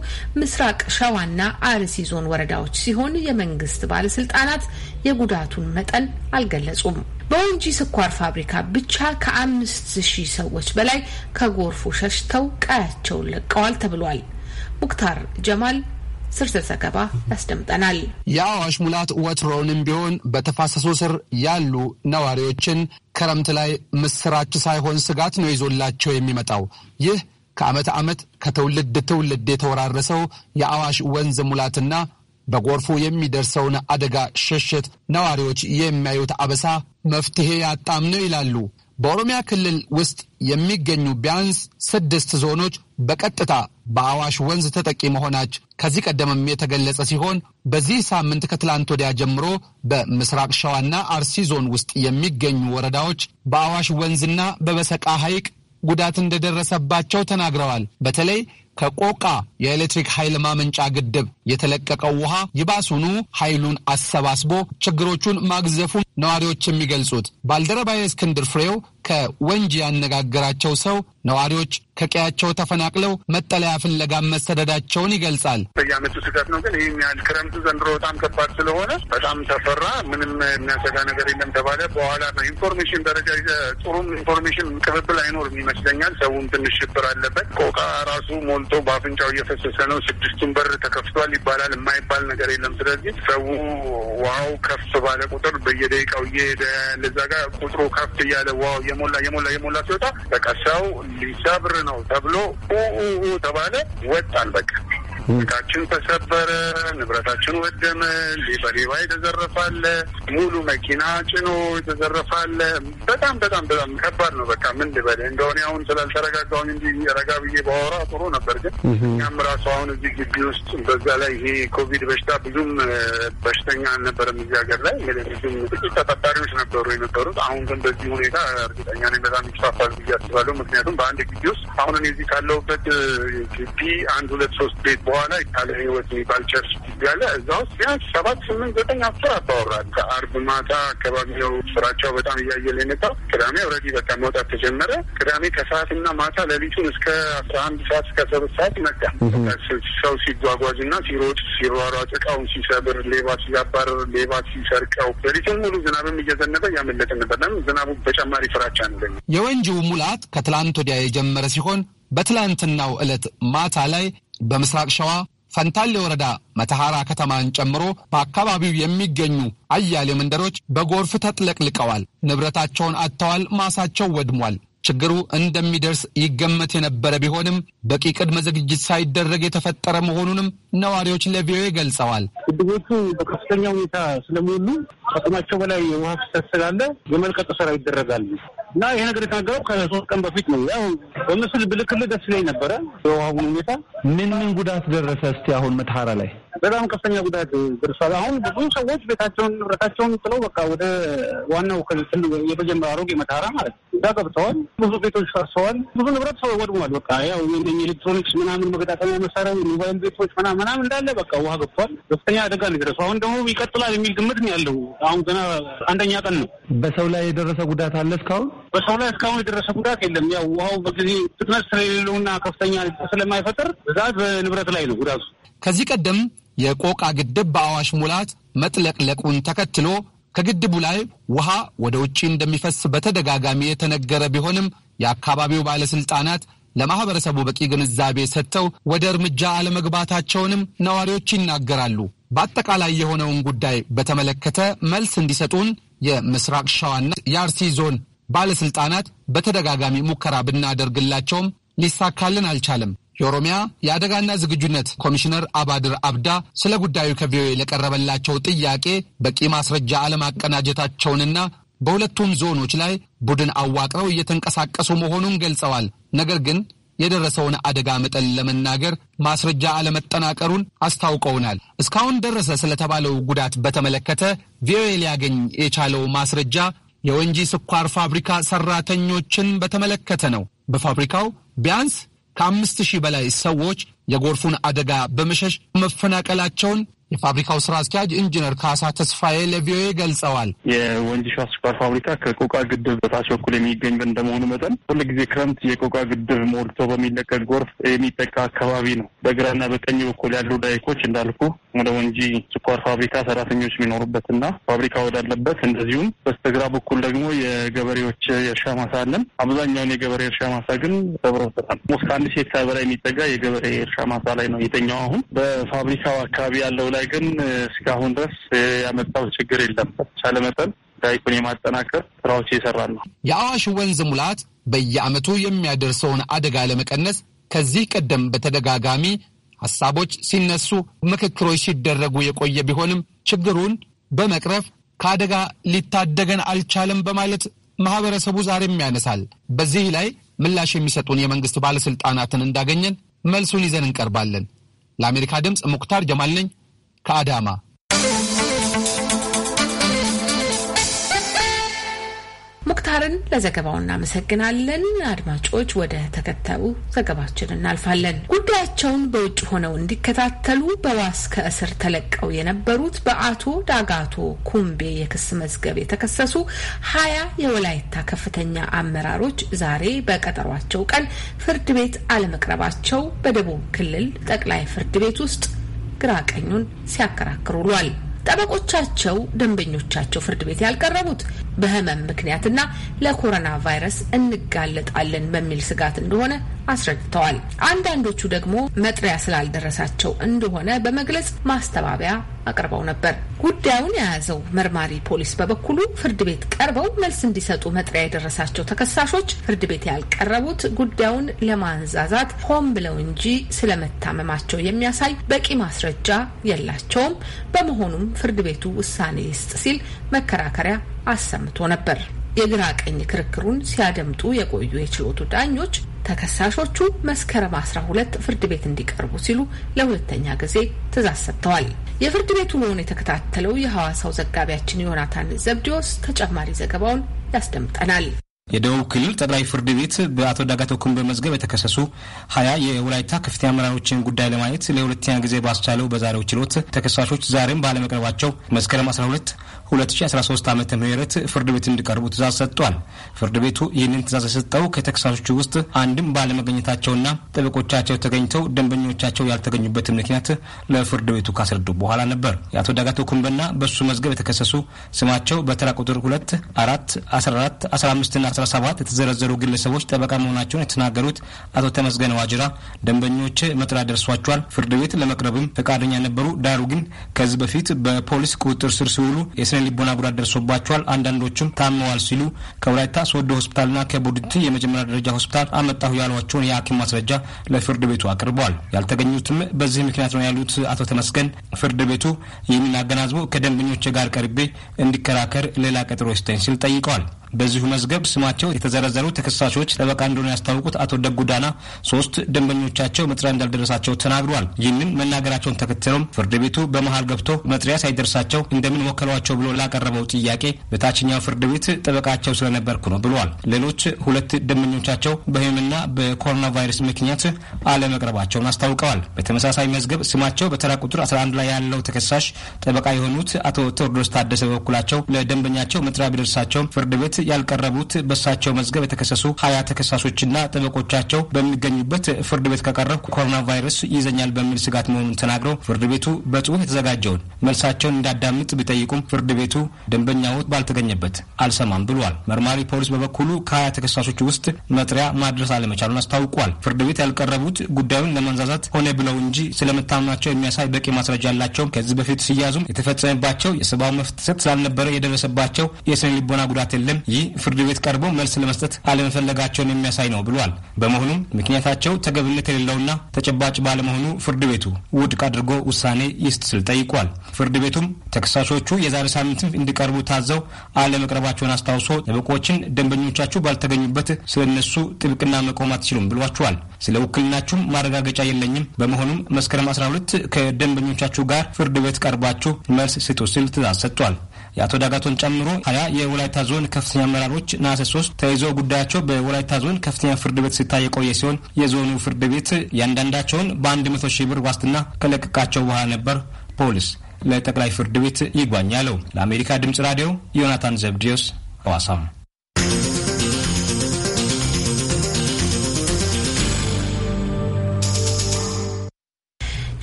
ምስራቅ ሸዋና አርሲ ዞን ወረዳዎች ሲሆን የመንግስት ባለስልጣናት የጉዳቱን መጠን አልገለጹም። በወንጂ ስኳር ፋብሪካ ብቻ ከአምስት ሺህ ሰዎች በላይ ከጎርፉ ሸሽተው ቀያቸውን ለቀዋል ተብሏል። ሙክታር ጀማል ዝርዝር ዘገባ ያስደምጠናል። የአዋሽ ሙላት ወትሮውንም ቢሆን በተፋሰሱ ስር ያሉ ነዋሪዎችን ክረምት ላይ ምስራች ሳይሆን ስጋት ነው ይዞላቸው የሚመጣው ይህ ከዓመት ዓመት ከትውልድ ትውልድ የተወራረሰው የአዋሽ ወንዝ ሙላትና በጎርፉ የሚደርሰውን አደጋ ሽሽት ነዋሪዎች የሚያዩት አበሳ መፍትሄ ያጣም ነው ይላሉ በኦሮሚያ ክልል ውስጥ የሚገኙ ቢያንስ ስድስት ዞኖች በቀጥታ በአዋሽ ወንዝ ተጠቂ መሆናች ከዚህ ቀደምም የተገለጸ ሲሆን በዚህ ሳምንት ከትላንት ወዲያ ጀምሮ በምስራቅ ሸዋና አርሲ ዞን ውስጥ የሚገኙ ወረዳዎች በአዋሽ ወንዝና በበሰቃ ሐይቅ ጉዳት እንደደረሰባቸው ተናግረዋል። በተለይ ከቆቃ የኤሌክትሪክ ኃይል ማመንጫ ግድብ የተለቀቀው ውሃ ይባሱኑ ኃይሉን አሰባስቦ ችግሮቹን ማግዘፉን ነዋሪዎች የሚገልጹት ባልደረባዬ እስክንድር ፍሬው ከወንጂ ያነጋገራቸው ሰው ነዋሪዎች ከቀያቸው ተፈናቅለው መጠለያ ፍለጋ መሰደዳቸውን ይገልጻል። በየዓመቱ ስጋት ነው። ግን ይህን ያህል ክረምቱ ዘንድሮ በጣም ከባድ ስለሆነ በጣም ተፈራ። ምንም የሚያሰጋ ነገር የለም ተባለ። በኋላ በኢንፎርሜሽን ደረጃ ጥሩም ኢንፎርሜሽን ቅብብል አይኖርም ይመስለኛል። ሰውም ትንሽ ሽብር አለበት። ቆቃ ራሱ ሞልቶ በአፍንጫው እየፈሰሰ ነው። ስድስቱን በር ተከፍቷል። ይባላል የማይባል ነገር የለም። ስለዚህ ሰው ዋው ከፍ ባለ ቁጥር በየደቂቃው እየሄደ ለዛ ጋር ቁጥሩ ከፍ እያለ ዋው የሞላ የሞላ የሞላ ሲወጣ በቃ ሰው ሊሰብር ነው ተብሎ ተባለ። ወጣን በቃ እቃችን ተሰበረ፣ ንብረታችን ወደመ፣ በሌባ የተዘረፋለ፣ ሙሉ መኪና ጭኖ የተዘረፋለ። በጣም በጣም በጣም ከባድ ነው። በቃ ምን ልበል እንደሆነ አሁን ስላልተረጋጋሁኝ እንጂ ረጋ ብዬ ባወራ ጥሩ ነበር። ግን እኛም ራሱ አሁን እዚህ ግቢ ውስጥ በዛ ላይ ይሄ ኮቪድ በሽታ ብዙም በሽተኛ አልነበረም እዚህ ሀገር ላይ ብዙም ጥቂት ተጠጣሪዎች ነበሩ የነበሩት። አሁን ግን በዚህ ሁኔታ እርግጠኛ ነኝ በጣም ይስፋፋል ብዬ አስባለሁ። ምክንያቱም በአንድ ግቢ ውስጥ አሁን እኔ እዚህ ካለሁበት ግቢ አንድ ሁለት ሶስት ቤት በኋላ በኋላ ኢታሊያ ህይወት የሚባል ቸርች ያለ እዛ ውስጥ ቢያንስ ሰባት ስምንት ዘጠኝ አስር አባወራል። ከአርብ ማታ አካባቢ ነው ስራቸው በጣም እያየለ የመጣ ቅዳሜ ኦልሬዲ በቃ መውጣት ተጀመረ። ቅዳሜ ከሰዓትና ማታ ሌሊቱን እስከ አስራ አንድ ሰዓት እስከ ሰባት ሰዓት መጣ። ሰው ሲጓጓዝ እና ሲሮጥ ሲሯሯጥ፣ እቃውን ሲሰብር፣ ሌባ ሲያባርር፣ ሌባ ሲሰርቀው ሌሊቱን ሙሉ ዝናብም እየዘነበ እያመለጥን ነበር። ለምን ዝናቡ በጨማሪ ፍራቻ አንደኛ የወንጂው ሙላት ከትላንት ወዲያ የጀመረ ሲሆን በትላንትናው ዕለት ማታ ላይ በምስራቅ ሸዋ ፈንታሌ ወረዳ መተሐራ ከተማን ጨምሮ በአካባቢው የሚገኙ አያሌ መንደሮች በጎርፍ ተጥለቅልቀዋል። ንብረታቸውን አጥተዋል። ማሳቸው ወድሟል። ችግሩ እንደሚደርስ ይገመት የነበረ ቢሆንም በቂ ቅድመ ዝግጅት ሳይደረግ የተፈጠረ መሆኑንም ነዋሪዎች ለቪኦኤ ገልጸዋል። ግድቦቹ በከፍተኛ ሁኔታ ስለሞሉ ከአቅማቸው በላይ የውሃ ፍሰት ስላለ የመልቀጥ ስራ ይደረጋል እና ይህ ነገር የተናገረው ከሶስት ቀን በፊት ነው። ያው በምስል ብልክል ደስ ላይ ነበረ የውሃ ሁኔታ ምን ምን ጉዳት ደረሰ? እስቲ አሁን መተሐራ ላይ በጣም ከፍተኛ ጉዳት ደርሷል። አሁን ብዙ ሰዎች ቤታቸውን ንብረታቸውን ጥለው በቃ ወደ ዋናው የተጀመረ አሮጌ መታራ ማለት እዛ ገብተዋል። ብዙ ቤቶች ፈርሰዋል። ብዙ ንብረት ሰው ወድሟል። በቃ ያው ኤሌክትሮኒክስ ምናምን መገጣጠሚያ መሳሪያ፣ ሞባይል ቤቶች ምናምን ምናምን እንዳለ በቃ ውሃ ገብቷል። ከፍተኛ አደጋ ነው የደረሰው። አሁን ደግሞ ይቀጥላል የሚል ግምት ነው ያለው። አሁን ገና አንደኛ ቀን ነው። በሰው ላይ የደረሰ ጉዳት አለ እስካሁን? በሰው ላይ እስካሁን የደረሰ ጉዳት የለም። ያው ውሃው በጊዜ ፍጥነት ስለሌለውና ከፍተኛ ስለማይፈጥር ብዛት በንብረት ላይ ነው ጉዳቱ ከዚህ ቀደም የቆቃ ግድብ በአዋሽ ሙላት መጥለቅለቁን ተከትሎ ከግድቡ ላይ ውሃ ወደ ውጪ እንደሚፈስ በተደጋጋሚ የተነገረ ቢሆንም የአካባቢው ባለስልጣናት ለማህበረሰቡ በቂ ግንዛቤ ሰጥተው ወደ እርምጃ አለመግባታቸውንም ነዋሪዎች ይናገራሉ። በአጠቃላይ የሆነውን ጉዳይ በተመለከተ መልስ እንዲሰጡን የምስራቅ ሸዋና የአርሲ ዞን ባለስልጣናት በተደጋጋሚ ሙከራ ብናደርግላቸውም ሊሳካልን አልቻለም። የኦሮሚያ የአደጋና ዝግጁነት ኮሚሽነር አባድር አብዳ ስለ ጉዳዩ ከቪኦኤ ለቀረበላቸው ጥያቄ በቂ ማስረጃ አለማቀናጀታቸውንና በሁለቱም ዞኖች ላይ ቡድን አዋቅረው እየተንቀሳቀሱ መሆኑን ገልጸዋል። ነገር ግን የደረሰውን አደጋ መጠን ለመናገር ማስረጃ አለመጠናቀሩን አስታውቀውናል። እስካሁን ደረሰ ስለተባለው ጉዳት በተመለከተ ቪኦኤ ሊያገኝ የቻለው ማስረጃ የወንጂ ስኳር ፋብሪካ ሰራተኞችን በተመለከተ ነው። በፋብሪካው ቢያንስ ከአምስት ሺህ በላይ ሰዎች የጎርፉን አደጋ በመሸሽ መፈናቀላቸውን የፋብሪካው ስራ አስኪያጅ ኢንጂነር ካሳ ተስፋዬ ለቪኦኤ ገልጸዋል። የወንጂ ሻ ስኳር ፋብሪካ ከቆቃ ግድብ በታች በኩል የሚገኝ እንደመሆኑ መጠን ሁል ጊዜ ክረምት የቆቃ ግድብ ሞልቶ በሚለቀቅ ጎርፍ የሚጠቃ አካባቢ ነው። በግራና በቀኝ በኩል ያሉ ዳይኮች እንዳልኩ ወደ ወንጂ ስኳር ፋብሪካ ሰራተኞች የሚኖሩበትና ፋብሪካ ወዳለበት እንደዚሁም በስተግራ በኩል ደግሞ የገበሬዎች የእርሻ ማሳ አለን። አብዛኛውን የገበሬ እርሻ ማሳ ግን ሰብረውታል። ሞስ ከአንድ ሴክታር በላይ የሚጠጋ የገበሬ እርሻ ማሳ ላይ ነው የተኛው። አሁን በፋብሪካው አካባቢ ያለው ላይ ግን እስካሁን ድረስ ያመጣው ችግር የለም። በተቻለ መጠን ዳይኩን የማጠናከር ስራዎች እየሰራ ነው። የአዋሽ ወንዝ ሙላት በየዓመቱ የሚያደርሰውን አደጋ ለመቀነስ ከዚህ ቀደም በተደጋጋሚ ሀሳቦች ሲነሱ፣ ምክክሮች ሲደረጉ የቆየ ቢሆንም ችግሩን በመቅረፍ ከአደጋ ሊታደገን አልቻለም በማለት ማህበረሰቡ ዛሬም ያነሳል። በዚህ ላይ ምላሽ የሚሰጡን የመንግስት ባለስልጣናትን እንዳገኘን መልሱን ይዘን እንቀርባለን። ለአሜሪካ ድምፅ ሙክታር ጀማል ነኝ ከአዳማ ሙክታርን ለዘገባው እናመሰግናለን። አድማጮች ወደ ተከታዩ ዘገባችን እናልፋለን። ጉዳያቸውን በውጭ ሆነው እንዲከታተሉ በዋስ ከእስር ተለቀው የነበሩት በአቶ ዳጋቶ ኩምቤ የክስ መዝገብ የተከሰሱ ሀያ የወላይታ ከፍተኛ አመራሮች ዛሬ በቀጠሯቸው ቀን ፍርድ ቤት አለመቅረባቸው በደቡብ ክልል ጠቅላይ ፍርድ ቤት ውስጥ ግራ ቀኙን ሲያከራክሩ ውሏል። ጠበቆቻቸው ደንበኞቻቸው ፍርድ ቤት ያልቀረቡት በህመም ምክንያትና ለኮሮና ቫይረስ እንጋለጣለን በሚል ስጋት እንደሆነ አስረድተዋል። አንዳንዶቹ ደግሞ መጥሪያ ስላልደረሳቸው እንደሆነ በመግለጽ ማስተባበያ አቅርበው ነበር። ጉዳዩን የያዘው መርማሪ ፖሊስ በበኩሉ ፍርድ ቤት ቀርበው መልስ እንዲሰጡ መጥሪያ የደረሳቸው ተከሳሾች ፍርድ ቤት ያልቀረቡት ጉዳዩን ለማንዛዛት ሆን ብለው እንጂ ስለመታመማቸው የሚያሳይ በቂ ማስረጃ የላቸውም፣ በመሆኑም ፍርድ ቤቱ ውሳኔ ይስጥ ሲል መከራከሪያ አሰምቶ ነበር። የግራ ቀኝ ክርክሩን ሲያደምጡ የቆዩ የችሎቱ ዳኞች ተከሳሾቹ መስከረም 12 ፍርድ ቤት እንዲቀርቡ ሲሉ ለሁለተኛ ጊዜ ትእዛዝ ሰጥተዋል። የፍርድ ቤቱ ውሎውን የተከታተለው የሐዋሳው ዘጋቢያችን ዮናታን ዘብዲዎስ ተጨማሪ ዘገባውን ያስደምጠናል። የደቡብ ክልል ጠቅላይ ፍርድ ቤት በአቶ ዳጋቶ ኩምቤ መዝገብ የተከሰሱ ሀያ የወላይታ ከፍተኛ አመራሮችን ጉዳይ ለማየት ለሁለተኛ ጊዜ ባስቻለው በዛሬው ችሎት ተከሳሾች ዛሬም ባለመቅረባቸው መስከረም 12 2013 ዓ ም ፍርድ ቤት እንዲቀርቡ ትእዛዝ ሰጥቷል። ፍርድ ቤቱ ይህንን ትእዛዝ የሰጠው ከተከሳሾቹ ውስጥ አንድም ባለመገኘታቸውና ጠበቆቻቸው ተገኝተው ደንበኞቻቸው ያልተገኙበትን ምክንያት ለፍርድ ቤቱ ካስረዱ በኋላ ነበር። የአቶ ዳጋቶ ኩምበና በሱ መዝገብ የተከሰሱ ስማቸው በተራ ቁጥር 2፣ 4፣ 14፣ 15ና 17 የተዘረዘሩ ግለሰቦች ጠበቃ መሆናቸውን የተናገሩት አቶ ተመስገነ ዋጅራ ደንበኞች መጥሪያ ደርሷቸዋል፣ ፍርድ ቤት ለመቅረብም ፈቃደኛ ነበሩ፣ ዳሩ ግን ከዚህ በፊት በፖሊስ ቁጥጥር ስር ሲውሉ የስነ ልቦና ጉዳት ደርሶባቸዋል፣ አንዳንዶቹም ታምመዋል ሲሉ ከወላይታ ሶዶ ሆስፒታልና ከቡድቲ የመጀመሪያ ደረጃ ሆስፒታል አመጣሁ ያሏቸውን የሐኪም ማስረጃ ለፍርድ ቤቱ አቅርበዋል። ያልተገኙትም በዚህ ምክንያት ነው ያሉት አቶ ተመስገን ፍርድ ቤቱ ይህንን አገናዝቦ ከደንበኞች ጋር ቀርቤ እንዲከራከር ሌላ ቀጠሮ ይስጠኝ ሲል ጠይቀዋል። በዚሁ መዝገብ ስማቸው የተዘረዘሩ ተከሳሾች ጠበቃ እንደሆነ ያስታወቁት አቶ ደጉዳና ሶስት ደንበኞቻቸው መጥሪያ እንዳልደረሳቸው ተናግረዋል። ይህንን መናገራቸውን ተከትለውም ፍርድ ቤቱ በመሀል ገብቶ መጥሪያ ሳይደርሳቸው እንደምን ወከሏቸው ብሎ ብሎ ላቀረበው ጥያቄ በታችኛው ፍርድ ቤት ጠበቃቸው ስለነበርኩ ነው ብሏል። ሌሎች ሁለት ደንበኞቻቸው በህመምና በኮሮና ቫይረስ ምክንያት አለመቅረባቸውን አስታውቀዋል። በተመሳሳይ መዝገብ ስማቸው በተራ ቁጥር 11 ላይ ያለው ተከሳሽ ጠበቃ የሆኑት አቶ ቴዎድሮስ ታደሰ በበኩላቸው ለደንበኛቸው መጥሪያ ቢደርሳቸው ፍርድ ቤት ያልቀረቡት በሳቸው መዝገብ የተከሰሱ ሀያ ተከሳሾችና ጠበቆቻቸው በሚገኙበት ፍርድ ቤት ከቀረብ ኮሮና ቫይረስ ይዘኛል በሚል ስጋት መሆኑን ተናግረው ፍርድ ቤቱ በጽሁፍ የተዘጋጀውን መልሳቸውን እንዳዳምጥ ቢጠይቁም ፍርድ ደንበኛ ደንበኛው ባልተገኘበት አልሰማም ብሏል። መርማሪ ፖሊስ በበኩሉ ከሀያ ተከሳሾች ውስጥ መጥሪያ ማድረስ አለመቻሉን አስታውቋል። ፍርድ ቤት ያልቀረቡት ጉዳዩን ለመንዛዛት ሆነ ብለው እንጂ ስለመታመናቸው የሚያሳይ በቂ ማስረጃ ያላቸውም ከዚህ በፊት ሲያዙም የተፈጸመባቸው የሰብአዊ መፍት ስላልነበረ የደረሰባቸው የስነ ልቦና ጉዳት የለም። ይህ ፍርድ ቤት ቀርቦ መልስ ለመስጠት አለመፈለጋቸውን የሚያሳይ ነው ብሏል። በመሆኑም ምክንያታቸው ተገብነት የሌለውና ተጨባጭ ባለመሆኑ ፍርድ ቤቱ ውድቅ አድርጎ ውሳኔ ይስጥ ስል ጠይቋል። ፍርድ ቤቱም ተከሳሾቹ የዛሬ ሳ ለቃሊቲ እንዲቀርቡ ታዘው አለመቅረባቸውን አስታውሶ ጠበቆችን ደንበኞቻችሁ ባልተገኙበት ስለ እነሱ ጥብቅና መቆም አትችሉም ብሏችኋል። ስለ ውክልናችሁም ማረጋገጫ የለኝም። በመሆኑም መስከረም 12 ከደንበኞቻችሁ ጋር ፍርድ ቤት ቀርባችሁ መልስ ስጡ ሲል ትእዛዝ ሰጥቷል። የአቶ ዳጋቶን ጨምሮ ሀያ የወላይታ ዞን ከፍተኛ አመራሮች ነሐሴ ሶስት ተይዘው ጉዳያቸው በወላይታ ዞን ከፍተኛ ፍርድ ቤት ሲታይ የቆየ ሲሆን የዞኑ ፍርድ ቤት እያንዳንዳቸውን በአንድ መቶ ሺህ ብር ዋስትና ከለቀቃቸው በኋላ ነበር ፖሊስ ለጠቅላይ ፍርድ ቤት ይጓኛለው። ለአሜሪካ ድምጽ ራዲዮ ዮናታን ዘብዲዮስ ሐዋሳም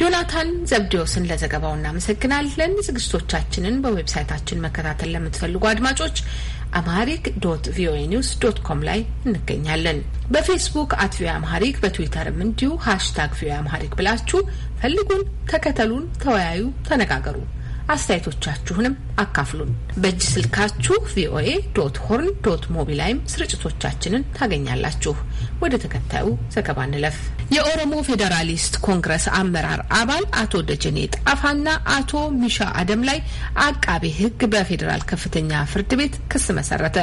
ዮናታን ዘብዴዎስን ለዘገባው እናመሰግናለን። ዝግጅቶቻችንን በዌብሳይታችን መከታተል ለምትፈልጉ አድማጮች አማሪክ ዶት ቪኦኤ ኒውስ ዶት ኮም ላይ እንገኛለን። በፌስቡክ አት ቪኦኤ አማሪክ፣ በትዊተርም እንዲሁ ሃሽታግ ቪኦኤ አማሪክ ብላችሁ ፈልጉን፣ ተከተሉን፣ ተወያዩ፣ ተነጋገሩ። አስተያየቶቻችሁንም አካፍሉን። በእጅ ስልካችሁ ቪኦኤ ዶት ሆርን ዶት ሞቢ ላይም ስርጭቶቻችንን ታገኛላችሁ። ወደ ተከታዩ ዘገባ እንለፍ። የኦሮሞ ፌዴራሊስት ኮንግረስ አመራር አባል አቶ ደጀኔ ጣፋና አቶ ሚሻ አደም ላይ አቃቤ ሕግ በፌዴራል ከፍተኛ ፍርድ ቤት ክስ መሰረተ።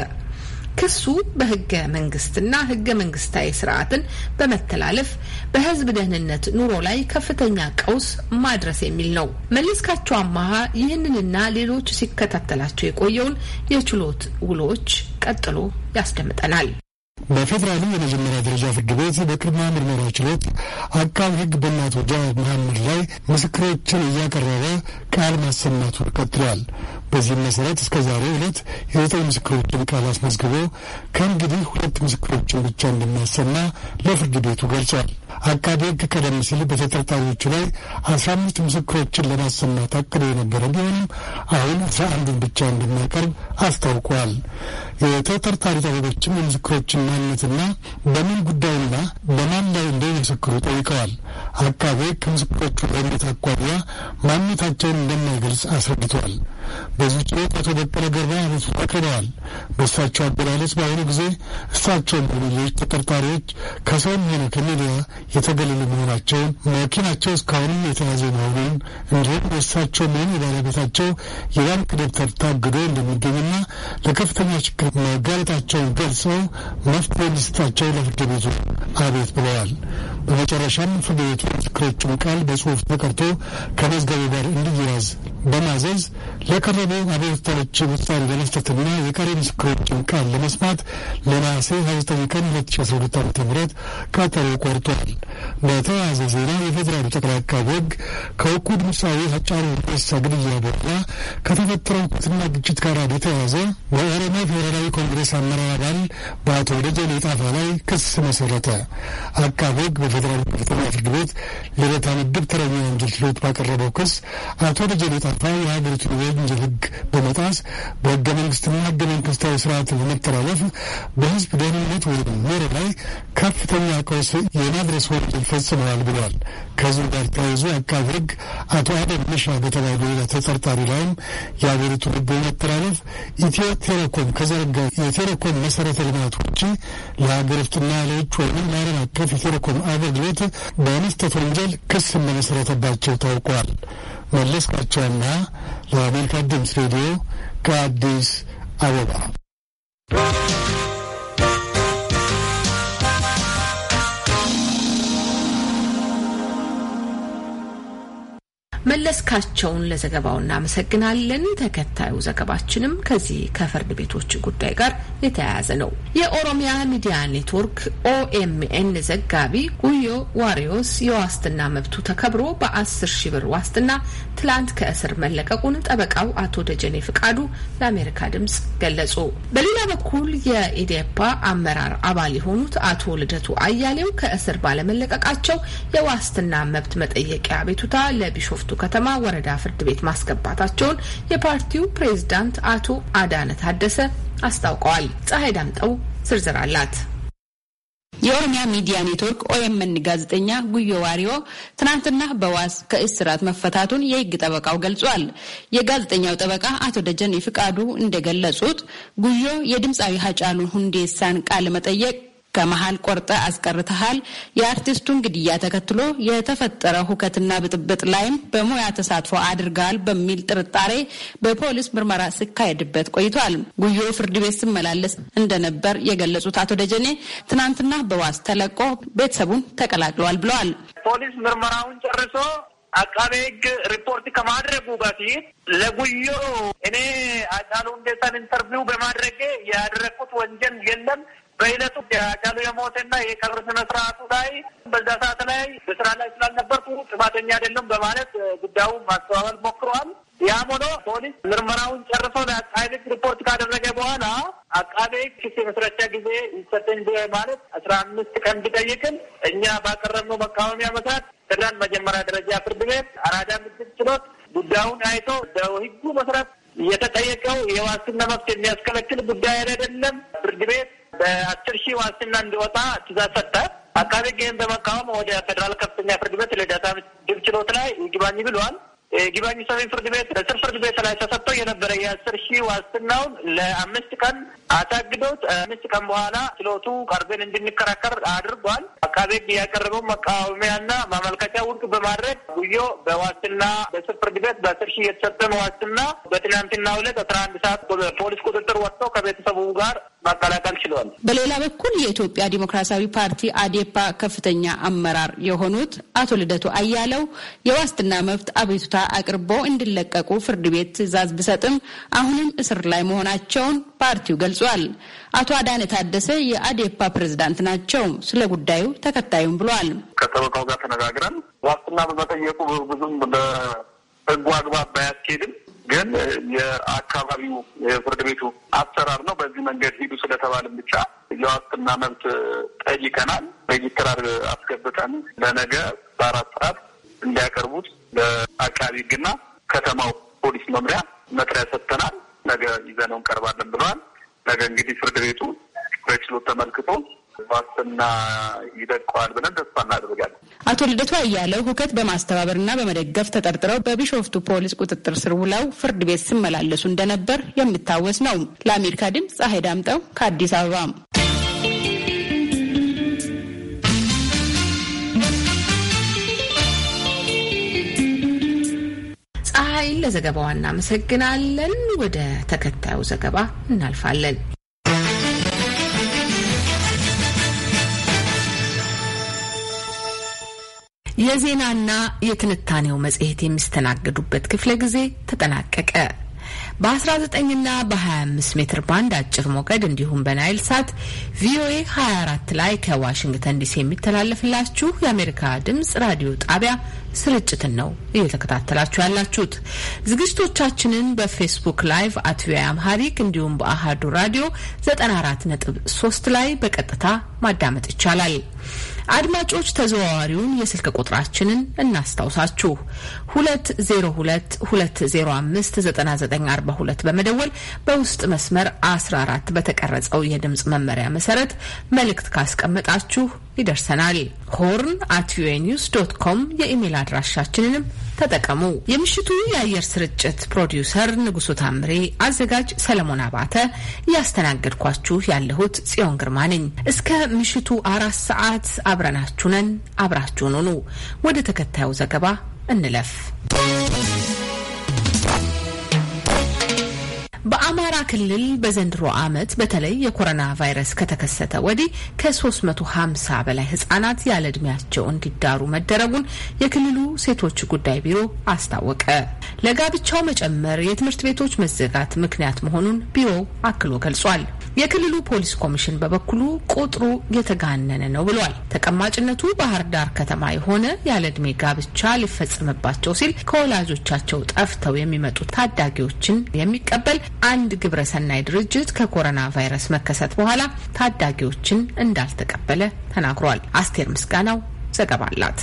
ክሱ በህገ መንግስትና ህገ መንግስታዊ ስርዓትን በመተላለፍ በህዝብ ደህንነት ኑሮ ላይ ከፍተኛ ቀውስ ማድረስ የሚል ነው። መለስካቸው አማሃ ይህንንና ሌሎች ሲከታተላቸው የቆየውን የችሎት ውሎች ቀጥሎ ያስደምጠናል። በፌዴራሉ የመጀመሪያ ደረጃ ፍርድ ቤት በቅድመ ምርመራ ችሎት አቃቢ ሕግ በእናቶ ጃዋር መሐመድ ላይ ምስክሮችን እያቀረበ ቃል ማሰማቱን ቀጥሏል። በዚህም መሰረት እስከ ዛሬ ዕለት የዘጠኝ ምስክሮችን ቃል አስመዝግቦ ከእንግዲህ ሁለት ምስክሮችን ብቻ እንደሚያሰማ ለፍርድ ቤቱ ገልጿል። አቃቢ ሕግ ቀደም ሲል በተጠርጣሪዎቹ ላይ አስራ አምስት ምስክሮችን ለማሰማት አቅዶ የነበረ ቢሆንም አሁን አስራ አንዱን ብቻ እንደሚያቀርብ አስታውቋል። የተጠርጣሪ ጠበቆችም የምስክሮችን ማንነትና በምን ጉዳይና በማን ላይ እንደሚመሰክሩ ጠይቀዋል። አቃቤ ምስክሮቹ ለእምነት አኳያ ማንነታቸውን እንደማይገልጽ አስረድተዋል። በዚህ ችሎት አቶ በቀለ ገርባ አቤቱ አቅርበዋል። በእሳቸው አገላለጽ በአሁኑ ጊዜ እሳቸውን በሌሎች ተጠርጣሪዎች ከሰውም ሆነ ከሚዲያ የተገለሉ መሆናቸውን መኪናቸው እስካሁንም የተያዘ መሆኑን እንዲሁም በእሳቸው መሆን የባለቤታቸው የባንክ ደብተር ታግዶ እንደሚገኝና ለከፍተኛ ችግር ጥቃት መጋለጣቸውን ገልጸው መፍትሄ እንዲሰጣቸው ለፍርድ ቤቱ አቤት ብለዋል። በመጨረሻም ፍርድ ቤቱ ምስክሮቹን ቃል በጽሁፍ ተቀርቶ ከመዝገቡ ጋር እንዲያያዝ በማዘዝ ለቀረቡ አቤቱታዎች ውሳኔ ለመስጠትና የቀሪ ምስክሮችን ቃል ለመስማት ለነሐሴ 29 ቀን 2012 ዓ ም ቀጠሮ ቆርጧል። በተያያዘ ዜና የፌዴራሉ ጠቅላይ አቃቤ ሕግ ከእውቁ ድምፃዊ ሃጫሉ ሁንዴሳ ግድያ በኋላ ከተፈጠረው ሁከትና ግጭት ጋር በተያያዘ በኦሮሞ ፌዴራላዊ ኮንግሬስ አመራር አባል በአቶ ደጀኔ ጣፋ ላይ ክስ መሰረተ። አቃቤ ሕግ የፌዴራል ከፍተኛ ፍርድ ቤት ልደታ ምድብ ተረኛ ወንጀል ችሎት ባቀረበው ክስ አቶ ደጀኔ ጣፋ የሀገሪቱ የወንጀል ህግ በመጣስ በህገ መንግስትና ህገ መንግስታዊ ስርዓት በመተላለፍ በህዝብ ደህንነት ወይም ኖሮ ላይ ከፍተኛ ቀውስ የማድረስ ወንጀል ፈጽመዋል ብለዋል። ከዚሁ ጋር ተያይዞ የአቃቢ ሕግ አቶ አደም መሻ በተባሉ ሌላ ተጠርጣሪ ላይም የአገሪቱ ሕግ በመተላለፍ ኢትዮ ቴሌኮም ከዘረጋ የቴሌኮም መሰረተ ልማት ውጭ ለሀገር ውስጥና ለውጭ ወይም ለዓለም አቀፍ የቴሌኮም አገልግሎት በአንስተት ወንጀል ክስ እንደመሰረተባቸው ታውቋል። መለስካቸውና ለአሜሪካ ድምፅ ሬዲዮ ከአዲስ አበባ መለስካቸውን ለዘገባው እናመሰግናለን። ተከታዩ ዘገባችንም ከዚህ ከፍርድ ቤቶች ጉዳይ ጋር የተያያዘ ነው። የኦሮሚያ ሚዲያ ኔትወርክ ኦኤምኤን ዘጋቢ ጉዮ ዋሪዮስ የዋስትና መብቱ ተከብሮ በአስር ሺ ብር ዋስትና ትላንት ከእስር መለቀቁን ጠበቃው አቶ ደጀኔ ፍቃዱ ለአሜሪካ ድምጽ ገለጹ። በሌላ በኩል የኢዴፓ አመራር አባል የሆኑት አቶ ልደቱ አያሌው ከእስር ባለመለቀቃቸው የዋስትና መብት መጠየቂያ ቤቱታ ለቢሾፍቱ ቢሾፍቱ ከተማ ወረዳ ፍርድ ቤት ማስገባታቸውን የፓርቲው ፕሬዝዳንት አቶ አዳነ ታደሰ አስታውቀዋል። ፀሐይ ዳምጠው ዝርዝር አላት። የኦሮሚያ ሚዲያ ኔትወርክ ኦኤምን ጋዜጠኛ ጉዮ ዋሪዮ ትናንትና በዋስ ከእስራት መፈታቱን የሕግ ጠበቃው ገልጿል። የጋዜጠኛው ጠበቃ አቶ ደጀኔ ፍቃዱ እንደገለጹት ጉዮ የድምፃዊ ሀጫሉ ሁንዴሳን ቃለ መጠየቅ ከመሀል ቆርጠ አስቀርተሃል። የአርቲስቱን ግድያ ተከትሎ የተፈጠረ ሁከትና ብጥብጥ ላይም በሙያ ተሳትፎ አድርገዋል በሚል ጥርጣሬ በፖሊስ ምርመራ ሲካሄድበት ቆይቷል። ጉዮ ፍርድ ቤት ሲመላለስ እንደነበር የገለጹት አቶ ደጀኔ ትናንትና በዋስ ተለቆ ቤተሰቡን ተቀላቅለዋል ብለዋል። ፖሊስ ምርመራውን ጨርሶ አቃቤ ሕግ ሪፖርት ከማድረጉ በፊት ለጉዮ እኔ አጫሉ ሁንዴሳን ኢንተርቪው በማድረጌ ያደረግኩት ወንጀል የለም በሂደቱ የአካሉ የሞትና የቀብር ስነ ስርዓቱ ላይ በዛ ሰዓት ላይ በስራ ላይ ስላልነበርኩ ጥፋተኛ አይደለም በማለት ጉዳዩ ማስተባበል ሞክረዋል። ያም ሆኖ ፖሊስ ምርመራውን ጨርሶ ለአቃቤ ሕግ ሪፖርት ካደረገ በኋላ አቃቤ ክስ የመስረቻ ጊዜ ይሰጠኝ ማለት አስራ አምስት ቀን ቢጠይቅም እኛ ባቀረብነው መቃወሚያ መሰረት ፌደራል መጀመሪያ ደረጃ ፍርድ ቤት አራዳ ምድብ ችሎት ጉዳዩን አይቶ በሕጉ መሰረት የተጠየቀው የዋስትና መብት የሚያስከለክል ጉዳይ አይደለም፣ ፍርድ ቤት በአስር ሺህ ዋስትና እንዲወጣ ትእዛዝ ሰጠ። አቃቤ ሕግን በመቃወም ወደ ፌዴራል ከፍተኛ ፍርድ ቤት ልደታ ምድብ ችሎት ላይ ይግባኝ ብለዋል። ይግባኝ ሰሚ ፍርድ ቤት እስር ፍርድ ቤት ላይ ተሰጥቶ የነበረ የአስር ሺህ ዋስትናውን ለአምስት ቀን አሳግዶት አምስት ቀን በኋላ ችሎቱ ቀርበን እንድንከራከር አድርጓል። አቃቤ ሕግ ያቀረበው መቃወሚያና ማመልከቻ ውድቅ በማድረግ ጉዮ በዋስትና በስር ፍርድ ቤት በአስር ሺህ የተሰጠን ዋስትና በትናንትና ሁለት አስራ አንድ ሰዓት ፖሊስ ቁጥጥር ወጥቶ ከቤተሰቡ ጋር ማቀላቀል ችሏል። በሌላ በኩል የኢትዮጵያ ዲሞክራሲያዊ ፓርቲ አዴፓ ከፍተኛ አመራር የሆኑት አቶ ልደቱ አያለው የዋስትና መብት አቤቱታ አቅርቦ እንዲለቀቁ ፍርድ ቤት ትዕዛዝ ቢሰጥም አሁንም እስር ላይ መሆናቸውን ፓርቲው ገልጿል። አቶ አዳነ ታደሰ የአዴፓ ፕሬዝዳንት ናቸው። ስለ ጉዳዩ ተከታዩም ብሏል። ከጠበቃው ጋር ተነጋግረን ዋስትና በመጠየቁ ብዙም በህጉ አግባብ ባያስኬድም ግን የአካባቢው የፍርድ ቤቱ አሰራር ነው። በዚህ መንገድ ሂዱ ስለተባልን ብቻ የዋስትና መብት ጠይቀናል። ሬጅስትራር አስገብተን ለነገ በአራት ሰዓት እንዲያቀርቡት ለአቃቢ ሕግና ከተማው ፖሊስ መምሪያ መጥሪያ ሰጥተናል። ነገ ይዘነው እንቀርባለን ብለዋል። ነገ እንግዲህ ፍርድ ቤቱ በችሎት ተመልክቶ ዋስትና ይደቀዋል ብለን ተስፋ እናደርጋለን። አቶ ልደቱ አያለው ሁከት በማስተባበርና በመደገፍ ተጠርጥረው በቢሾፍቱ ፖሊስ ቁጥጥር ስር ውለው ፍርድ ቤት ሲመላለሱ እንደነበር የሚታወስ ነው። ለአሜሪካ ድምፅ ፀሐይ ዳምጠው ከአዲስ አበባ ፀሐይን ለዘገባዋ እናመሰግናለን። ወደ ተከታዩ ዘገባ እናልፋለን። የዜናና የትንታኔው መጽሔት የሚስተናገዱበት ክፍለ ጊዜ ተጠናቀቀ። በ19 ና በ25 ሜትር ባንድ አጭር ሞገድ እንዲሁም በናይል ሳት ቪኦኤ 24 ላይ ከዋሽንግተን ዲሲ የሚተላለፍላችሁ የአሜሪካ ድምጽ ራዲዮ ጣቢያ ስርጭትን ነው እየተከታተላችሁ ያላችሁት። ዝግጅቶቻችንን በፌስቡክ ላይቭ አት ቪኦኤ አምሃሪክ እንዲሁም በአሃዱ ራዲዮ 94.3 ላይ በቀጥታ ማዳመጥ ይቻላል። አድማጮች ተዘዋዋሪውን የስልክ ቁጥራችንን እናስታውሳችሁ። 2022059942 በመደወል በውስጥ መስመር 14 በተቀረጸው የድምፅ መመሪያ መሰረት መልእክት ካስቀመጣችሁ ይደርሰናል። ሆርን አት ቪኦኤ ኒውስ ዶት ኮም የኢሜል አድራሻችንንም ተጠቀሙ። የምሽቱ የአየር ስርጭት ፕሮዲውሰር ንጉሱ ታምሬ፣ አዘጋጅ ሰለሞን አባተ፣ እያስተናገድኳችሁ ያለሁት ጽዮን ግርማ ነኝ። እስከ ምሽቱ አራት ሰዓት አብረናችሁ ነን። አብራችሁን ሁኑ። ወደ ተከታዩ ዘገባ እንለፍ። በአማራ ክልል በዘንድሮ ዓመት በተለይ የኮሮና ቫይረስ ከተከሰተ ወዲህ ከ350 በላይ ህጻናት ያለ ዕድሜያቸው እንዲዳሩ መደረጉን የክልሉ ሴቶች ጉዳይ ቢሮ አስታወቀ። ለጋብቻው መጨመር የትምህርት ቤቶች መዘጋት ምክንያት መሆኑን ቢሮው አክሎ ገልጿል። የክልሉ ፖሊስ ኮሚሽን በበኩሉ ቁጥሩ የተጋነነ ነው ብሏል። ተቀማጭነቱ ባህር ዳር ከተማ የሆነ ያለ ዕድሜ ጋብቻ ሊፈጸምባቸው ሲል ከወላጆቻቸው ጠፍተው የሚመጡ ታዳጊዎችን የሚቀበል አንድ ግብረሰናይ ድርጅት ከኮሮና ቫይረስ መከሰት በኋላ ታዳጊዎችን እንዳልተቀበለ ተናግሯል። አስቴር ምስጋናው ዘገባ አላት።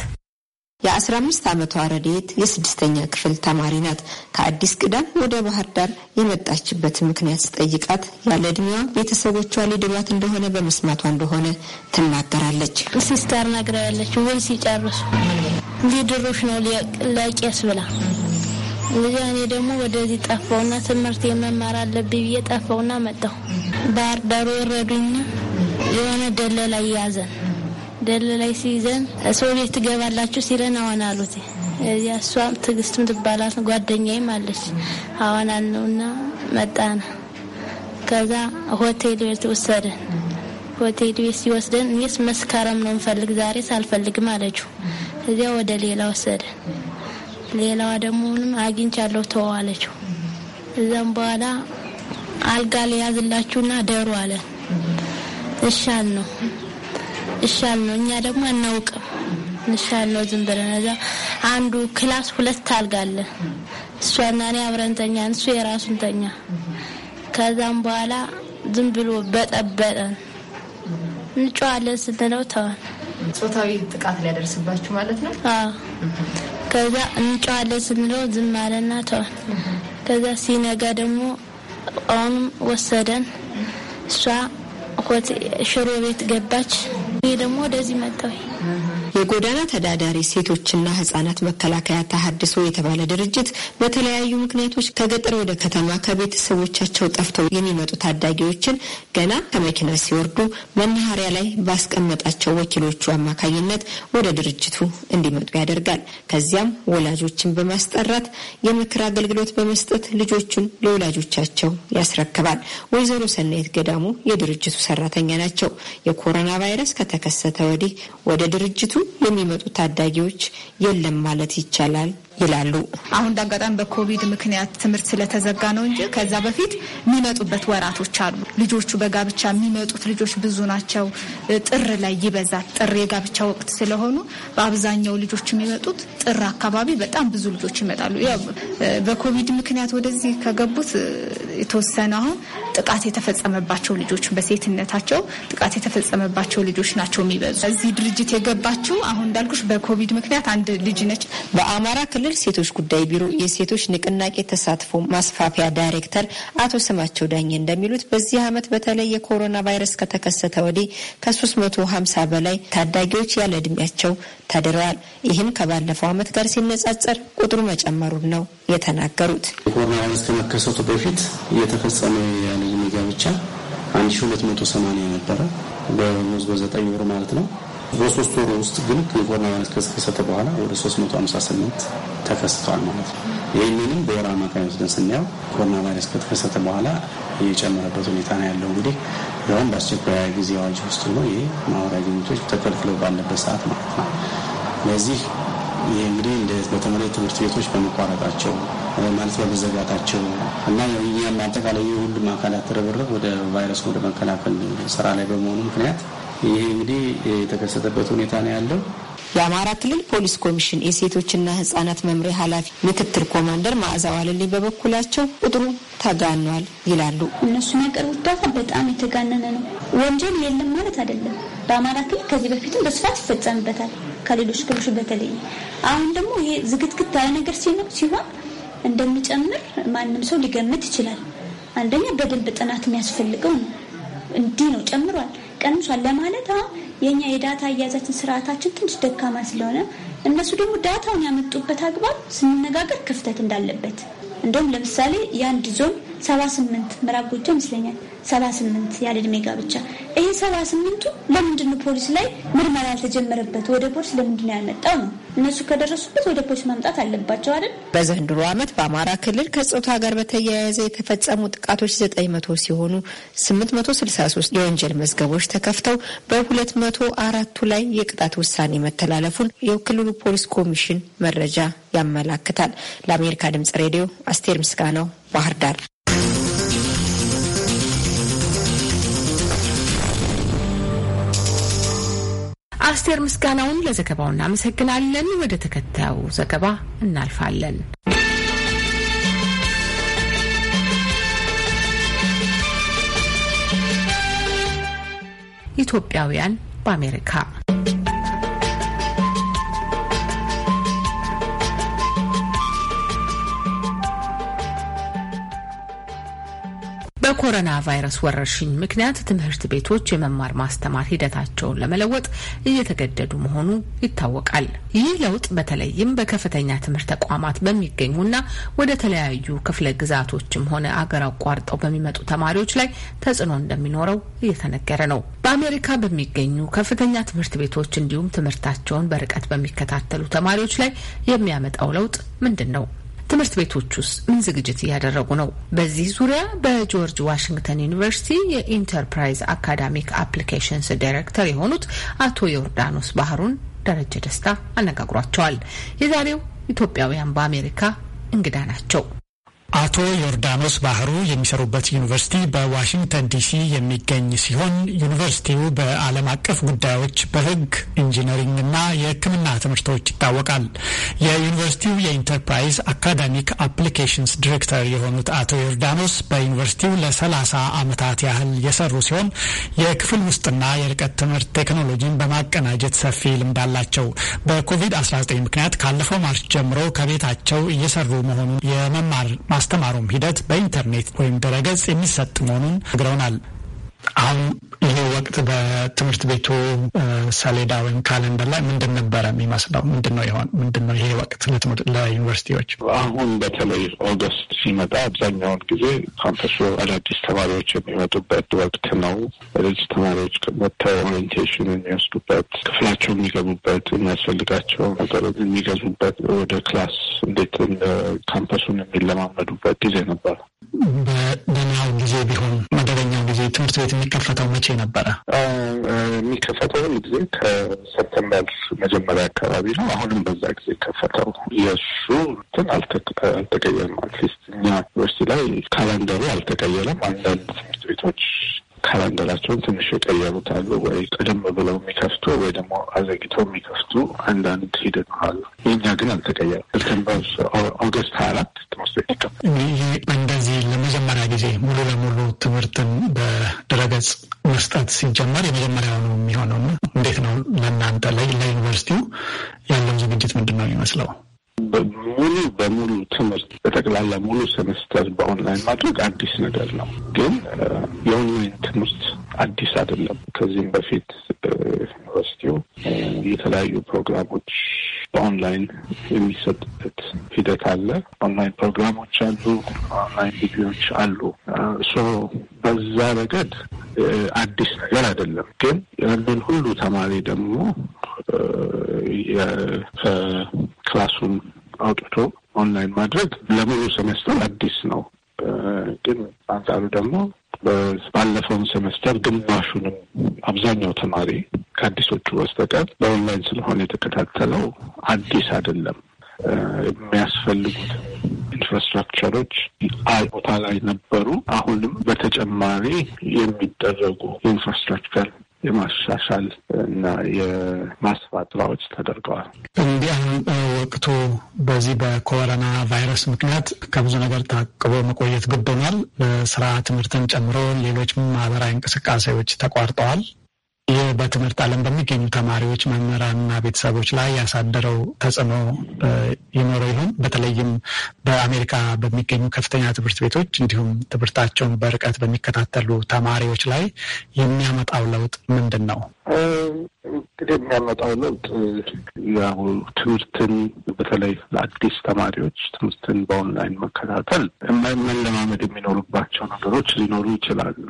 የ15 ዓመቷ ረድኤት የስድስተኛ ክፍል ተማሪ ናት። ከአዲስ ቅዳም ወደ ባህር ዳር የመጣችበት ምክንያት ስጠይቃት ያለ እድሜዋ ቤተሰቦቿ ሊድሯት እንደሆነ በመስማቷ እንደሆነ ትናገራለች። ሲስተር ያለችው ወይ ሲጨርሱ ሊድሮች ነው ለቄስ ብላ ልጅ እኔ ደግሞ ወደዚህ ጠፋውና ትምህርት የመማር አለብኝ ብዬ ጠፋውና መጣሁ። ባህር ዳሩ የረዱኝና የሆነ ደለላ ያዘን ገደል ላይ ሲይዘን ሰው ቤት ትገባላችሁ ሲለን አዋን አሉት። እዚያ እሷም ትግስትም ትባላት ጓደኛዬም አለች አዋን አልነውና መጣን። ከዛ ሆቴል ቤት ወሰደን። ሆቴል ቤት ሲወስደን እኔስ መስከረም ነው ምፈልግ ዛሬ ሳልፈልግም አለችው። እዚያ ወደ ሌላ ወሰደን። ሌላዋ ደግሞ ምንም አግኝቻለሁ ተው አለችው። እዛም በኋላ አልጋ ሊያዝላችሁና ደሩ አለን። እሻል ነው እሻል ነው። እኛ ደግሞ አናውቅም። እሻል ነው ዝም ብለን እዛ አንዱ ክላስ ሁለት አልጋ አለ። እሷና እኔ አብረን ተኛን። እሱ የራሱን ተኛ። ከዛም በኋላ ዝም ብሎ በጠበጠን። እንጨዋለን ስንለው ተዋል። ጾታዊ ጥቃት ሊያደርስባችሁ ማለት ነው። ከዛ እንጨዋለን ስንለው ዝም አለና ተዋል። ከዛ ሲነጋ ደግሞ አሁንም ወሰደን። እሷ ሽሮ ቤት ገባች። ይህ ደግሞ ወደዚህ መጣሁ የጎዳና ተዳዳሪ ሴቶችና ህጻናት መከላከያ ተሀድሶ የተባለ ድርጅት በተለያዩ ምክንያቶች ከገጠር ወደ ከተማ ከቤተሰቦቻቸው ጠፍተው የሚመጡ ታዳጊዎችን ገና ከመኪና ሲወርዱ መናኸሪያ ላይ ባስቀመጣቸው ወኪሎቹ አማካኝነት ወደ ድርጅቱ እንዲመጡ ያደርጋል። ከዚያም ወላጆችን በማስጠራት የምክር አገልግሎት በመስጠት ልጆቹን ለወላጆቻቸው ያስረክባል። ወይዘሮ ሰናይት ገዳሙ የድርጅቱ ሰራተኛ ናቸው። የኮሮና ቫይረስ ከተከሰተ ወዲህ ወደ ድርጅቱ የሚመጡ ታዳጊዎች የለም ማለት ይቻላል ይላሉ። አሁን እንዳጋጣሚ በኮቪድ ምክንያት ትምህርት ስለተዘጋ ነው እንጂ ከዛ በፊት የሚመጡበት ወራቶች አሉ። ልጆቹ በጋብቻ የሚመጡት ልጆች ብዙ ናቸው። ጥር ላይ ይበዛል። ጥር የጋብቻ ወቅት ስለሆኑ በአብዛኛው ልጆች የሚመጡት ጥር አካባቢ በጣም ብዙ ልጆች ይመጣሉ። በኮቪድ ምክንያት ወደዚህ ከገቡት የተወሰነ አሁን ጥቃት የተፈጸመባቸው ልጆች በሴትነታቸው ጥቃት የተፈጸመባቸው ልጆች ናቸው የሚበዙ። እዚህ ድርጅት የገባችው አሁን እንዳልኩሽ በኮቪድ ምክንያት አንድ ልጅ ነች። በአማራ ክልል የክልል ሴቶች ጉዳይ ቢሮ የሴቶች ንቅናቄ ተሳትፎ ማስፋፊያ ዳይሬክተር አቶ ስማቸው ዳኝ እንደሚሉት በዚህ ዓመት በተለይ የኮሮና ቫይረስ ከተከሰተ ወዲህ ከ350 በላይ ታዳጊዎች ያለ እድሜያቸው ተድረዋል። ይህም ከባለፈው ዓመት ጋር ሲነጻጸር ቁጥሩ መጨመሩን ነው የተናገሩት። የኮሮና ቫይረስ ከመከሰቱ በፊት የተፈጸመ ያለ ጋብቻ 1280 ነበረ በሙዝ በዘጠኝ ወር ማለት ነው በሶስት ወር ውስጥ ግን የኮሮና ቫይረስ ከተከሰተ በኋላ ወደ 358 ተከስቷል ማለት ነው። ይህንንም በወር አማካኝ ወስደን ስናየው ኮሮና ቫይረስ ከተከሰተ በኋላ እየጨመረበት ሁኔታ ነው ያለው። እንግዲህ ይሁን በአስቸኳይ ጊዜ አዋጅ ውስጥ ሆኖ ይህ ማህበራዊ ግኝቶች ተከልክለው ባለበት ሰዓት ማለት ነው። ለዚህ ይህ እንግዲህ በተመለከተ ትምህርት ቤቶች በመቋረጣቸው ማለት በመዘጋታቸው እና እኛም አጠቃላይ የሁሉም አካላት ተረብረብ ወደ ቫይረስ ወደ መከላከል ስራ ላይ በመሆኑ ምክንያት ይሄ እንግዲህ የተከሰተበት ሁኔታ ነው ያለው። የአማራ ክልል ፖሊስ ኮሚሽን የሴቶችና ህጻናት መምሪያ ኃላፊ ምክትል ኮማንደር ማዕዛ ዋለልኝ በበኩላቸው ቁጥሩ ተጋኗል ይላሉ። እነሱ የሚያቀርቡት ዳታ በጣም የተጋነነ ነው። ወንጀል የለም ማለት አይደለም። በአማራ ክልል ከዚህ በፊትም በስፋት ይፈጸምበታል ከሌሎች ክልሎች በተለይ። አሁን ደግሞ ይሄ ዝግትግት ያለ ነገር ሲሆን እንደሚጨምር ማንም ሰው ሊገምት ይችላል። አንደኛ በደንብ ጥናት የሚያስፈልገው ነው። እንዲህ ነው ጨምሯል ቀንሷል ለማለት አሁን የእኛ የዳታ አያያዛችን ስርዓታችን ትንሽ ደካማ ስለሆነ እነሱ ደግሞ ዳታውን ያመጡበት አግባብ ስንነጋገር ክፍተት እንዳለበት እንደውም ለምሳሌ የአንድ ዞን ሰባ ስምንት ምዕራብ ጎጃ ይመስለኛል ሰባ ስምንት ያለ እድሜ ጋብቻ። ይሄ ሰባ ስምንቱ ለምንድን ፖሊስ ላይ ምርመራ ያልተጀመረበት? ወደ ፖሊስ ለምንድን ያልመጣው ነው? እነሱ ከደረሱበት ወደ ፖሊስ ማምጣት አለባቸው አይደል? በዘንድሮ ዓመት በአማራ ክልል ከጾታ ጋር በተያያዘ የተፈጸሙ ጥቃቶች ዘጠኝ መቶ ሲሆኑ ስምንት መቶ ስልሳ ሶስት የወንጀል መዝገቦች ተከፍተው በሁለት መቶ አራቱ ላይ የቅጣት ውሳኔ መተላለፉን የክልሉ ፖሊስ ኮሚሽን መረጃ ያመላክታል። ለአሜሪካ ድምጽ ሬዲዮ አስቴር ምስጋናው ባህር ዳር። አስቴር ምስጋናውን ለዘገባው እናመሰግናለን። ወደ ተከታዩ ዘገባ እናልፋለን። ኢትዮጵያውያን በአሜሪካ በኮሮና ቫይረስ ወረርሽኝ ምክንያት ትምህርት ቤቶች የመማር ማስተማር ሂደታቸውን ለመለወጥ እየተገደዱ መሆኑ ይታወቃል። ይህ ለውጥ በተለይም በከፍተኛ ትምህርት ተቋማት በሚገኙና ወደ ተለያዩ ክፍለ ግዛቶችም ሆነ አገር አቋርጠው በሚመጡ ተማሪዎች ላይ ተጽዕኖ እንደሚኖረው እየተነገረ ነው። በአሜሪካ በሚገኙ ከፍተኛ ትምህርት ቤቶች እንዲሁም ትምህርታቸውን በርቀት በሚከታተሉ ተማሪዎች ላይ የሚያመጣው ለውጥ ምንድን ነው? ትምህርት ቤቶች ውስጥ ምን ዝግጅት እያደረጉ ነው? በዚህ ዙሪያ በጆርጅ ዋሽንግተን ዩኒቨርሲቲ የኢንተርፕራይዝ አካዳሚክ አፕሊኬሽንስ ዳይሬክተር የሆኑት አቶ ዮርዳኖስ ባህሩን ደረጀ ደስታ አነጋግሯቸዋል። የዛሬው ኢትዮጵያውያን በአሜሪካ እንግዳ ናቸው። አቶ ዮርዳኖስ ባህሩ የሚሰሩበት ዩኒቨርሲቲ በዋሽንግተን ዲሲ የሚገኝ ሲሆን ዩኒቨርሲቲው በዓለም አቀፍ ጉዳዮች በሕግ ኢንጂነሪንግና የሕክምና ትምህርቶች ይታወቃል። የዩኒቨርሲቲው የኢንተርፕራይዝ አካዳሚክ አፕሊኬሽንስ ዲሬክተር የሆኑት አቶ ዮርዳኖስ በዩኒቨርሲቲው ለሰላሳ ዓመታት ያህል የሰሩ ሲሆን የክፍል ውስጥና የርቀት ትምህርት ቴክኖሎጂን በማቀናጀት ሰፊ ልምድ አላቸው። በኮቪድ-19 ምክንያት ካለፈው ማርች ጀምሮ ከቤታቸው እየሰሩ መሆኑን የመማር የማስተማሩም ሂደት በኢንተርኔት ወይም ድረገጽ የሚሰጥ መሆኑን ነግረውናል። አሁን ይሄ ወቅት በትምህርት ቤቱ ሰሌዳ ወይም ካለንደር ላይ ምንድን ነበረ የሚመስለው? ምንድን ነው ይሆን? ምንድን ነው ይሄ ወቅት ለዩኒቨርሲቲዎች? አሁን በተለይ ኦገስት ሲመጣ አብዛኛውን ጊዜ ካምፐሱ አዳዲስ ተማሪዎች የሚመጡበት ወቅት ነው። አዳዲስ ተማሪዎች መጥተው ኦሪንቴሽን የሚወስዱበት፣ ክፍላቸው የሚገቡበት፣ የሚያስፈልጋቸው ነገር የሚገዙበት፣ ወደ ክላስ እንዴት ካምፐሱን የሚለማመዱበት ጊዜ ነበር። በደህናው ጊዜ ቢሆን መደበኛ ጊዜ ትምህርት ቤት የሚከፈተው መቼ ነበረ? የሚከፈተው ሁሉ ጊዜ ከሰፕተምበር መጀመሪያ አካባቢ ነው። አሁንም በዛ ጊዜ ከፈተው የእሱ እንትን አልተቀየረም። አትሊስት እኛ ዩኒቨርሲቲ ላይ ካላንደሩ አልተቀየረም። አንዳንድ ትምህርት ቤቶች ካላንደራቸውን ትንሽ የቀየሩት አሉ ወይ ቀደም ብለው የሚከፍቱ ወይ ደግሞ አዘግተው የሚከፍቱ አንዳንድ ሂደት አሉ። የእኛ ግን አልተቀየረም። ሴፕቴምበር ኦገስት ሀያ አራት ትምህርት ቤት ይከፍ እንደዚህ ለመጀመሪያ ጊዜ ሙሉ ለሙሉ ትምህርትን በድረገጽ መስጠት ሲጀመር የመጀመሪያው ነው የሚሆነው። እንዴት ነው ለእናንተ ላይ ለዩኒቨርሲቲው ያለው ዝግጅት ምንድን ነው የሚመስለው? ሙሉ በሙሉ ትምህርት በጠቅላላ ሙሉ ሴምስተር በኦንላይን ማድረግ አዲስ ነገር ነው። ግን የኦንላይን ትምህርት አዲስ አይደለም። ከዚህም በፊት ዩኒቨርሲቲው የተለያዩ ፕሮግራሞች በኦንላይን የሚሰጥበት ሂደት አለ። ኦንላይን ፕሮግራሞች አሉ፣ ኦንላይን ቪዲዮዎች አሉ። ሶ በዛ ረገድ አዲስ ነገር አይደለም። ግን ያንን ሁሉ ተማሪ ደግሞ ከክላሱን አውጥቶ ኦንላይን ማድረግ ለሙሉ ሴሜስተር አዲስ ነው። ግን አንጻሩ ደግሞ ባለፈውን ሴሜስተር ግማሹንም አብዛኛው ተማሪ ከአዲሶቹ በስተቀር በኦንላይን ስለሆነ የተከታተለው አዲስ አይደለም። የሚያስፈልጉት ኢንፍራስትራክቸሮች ቦታ ላይ ነበሩ። አሁንም በተጨማሪ የሚደረጉ ኢንፍራስትራክቸር የማሻሻል እና የማስፋት ስራዎች ተደርገዋል። እንዲያም ወቅቱ በዚህ በኮሮና ቫይረስ ምክንያት ከብዙ ነገር ታቅቦ መቆየት ግብኗል። ስራ፣ ትምህርትን ጨምሮ ሌሎች ማህበራዊ እንቅስቃሴዎች ተቋርጠዋል። ይህ በትምህርት ዓለም በሚገኙ ተማሪዎች መምህራንና ቤተሰቦች ላይ ያሳደረው ተጽዕኖ ይኖረው ይሆን? በተለይም በአሜሪካ በሚገኙ ከፍተኛ ትምህርት ቤቶች እንዲሁም ትምህርታቸውን በርቀት በሚከታተሉ ተማሪዎች ላይ የሚያመጣው ለውጥ ምንድን ነው? እንግዲህ የሚያመጣው ለውጥ የአሁኑ ትምህርትን በተለይ ለአዲስ ተማሪዎች ትምህርትን በኦንላይን መከታተል መለማመድ የሚኖሩባቸው ነገሮች ሊኖሩ ይችላሉ።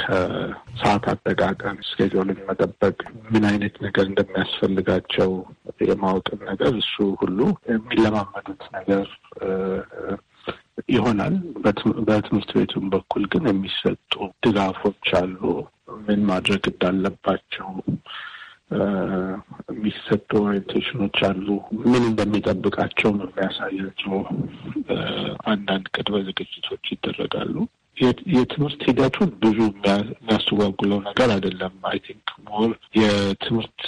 ከሰዓት አጠቃቀም ስኬጆልን መጠበቅ፣ ምን አይነት ነገር እንደሚያስፈልጋቸው የማወቅን ነገር እሱ ሁሉ የሚለማመዱት ነገር ይሆናል። በትምህርት ቤቱም በኩል ግን የሚሰጡ ድጋፎች አሉ። ምን ማድረግ እንዳለባቸው የሚሰጡ ኦሪንቴሽኖች አሉ። ምን እንደሚጠብቃቸው ነው የሚያሳያቸው። አንዳንድ ቅድመ ዝግጅቶች ይደረጋሉ። የትምህርት ሂደቱን ብዙ የሚያስተጓጉለው ነገር አይደለም። አይ ቲንክ ሞር የትምህርት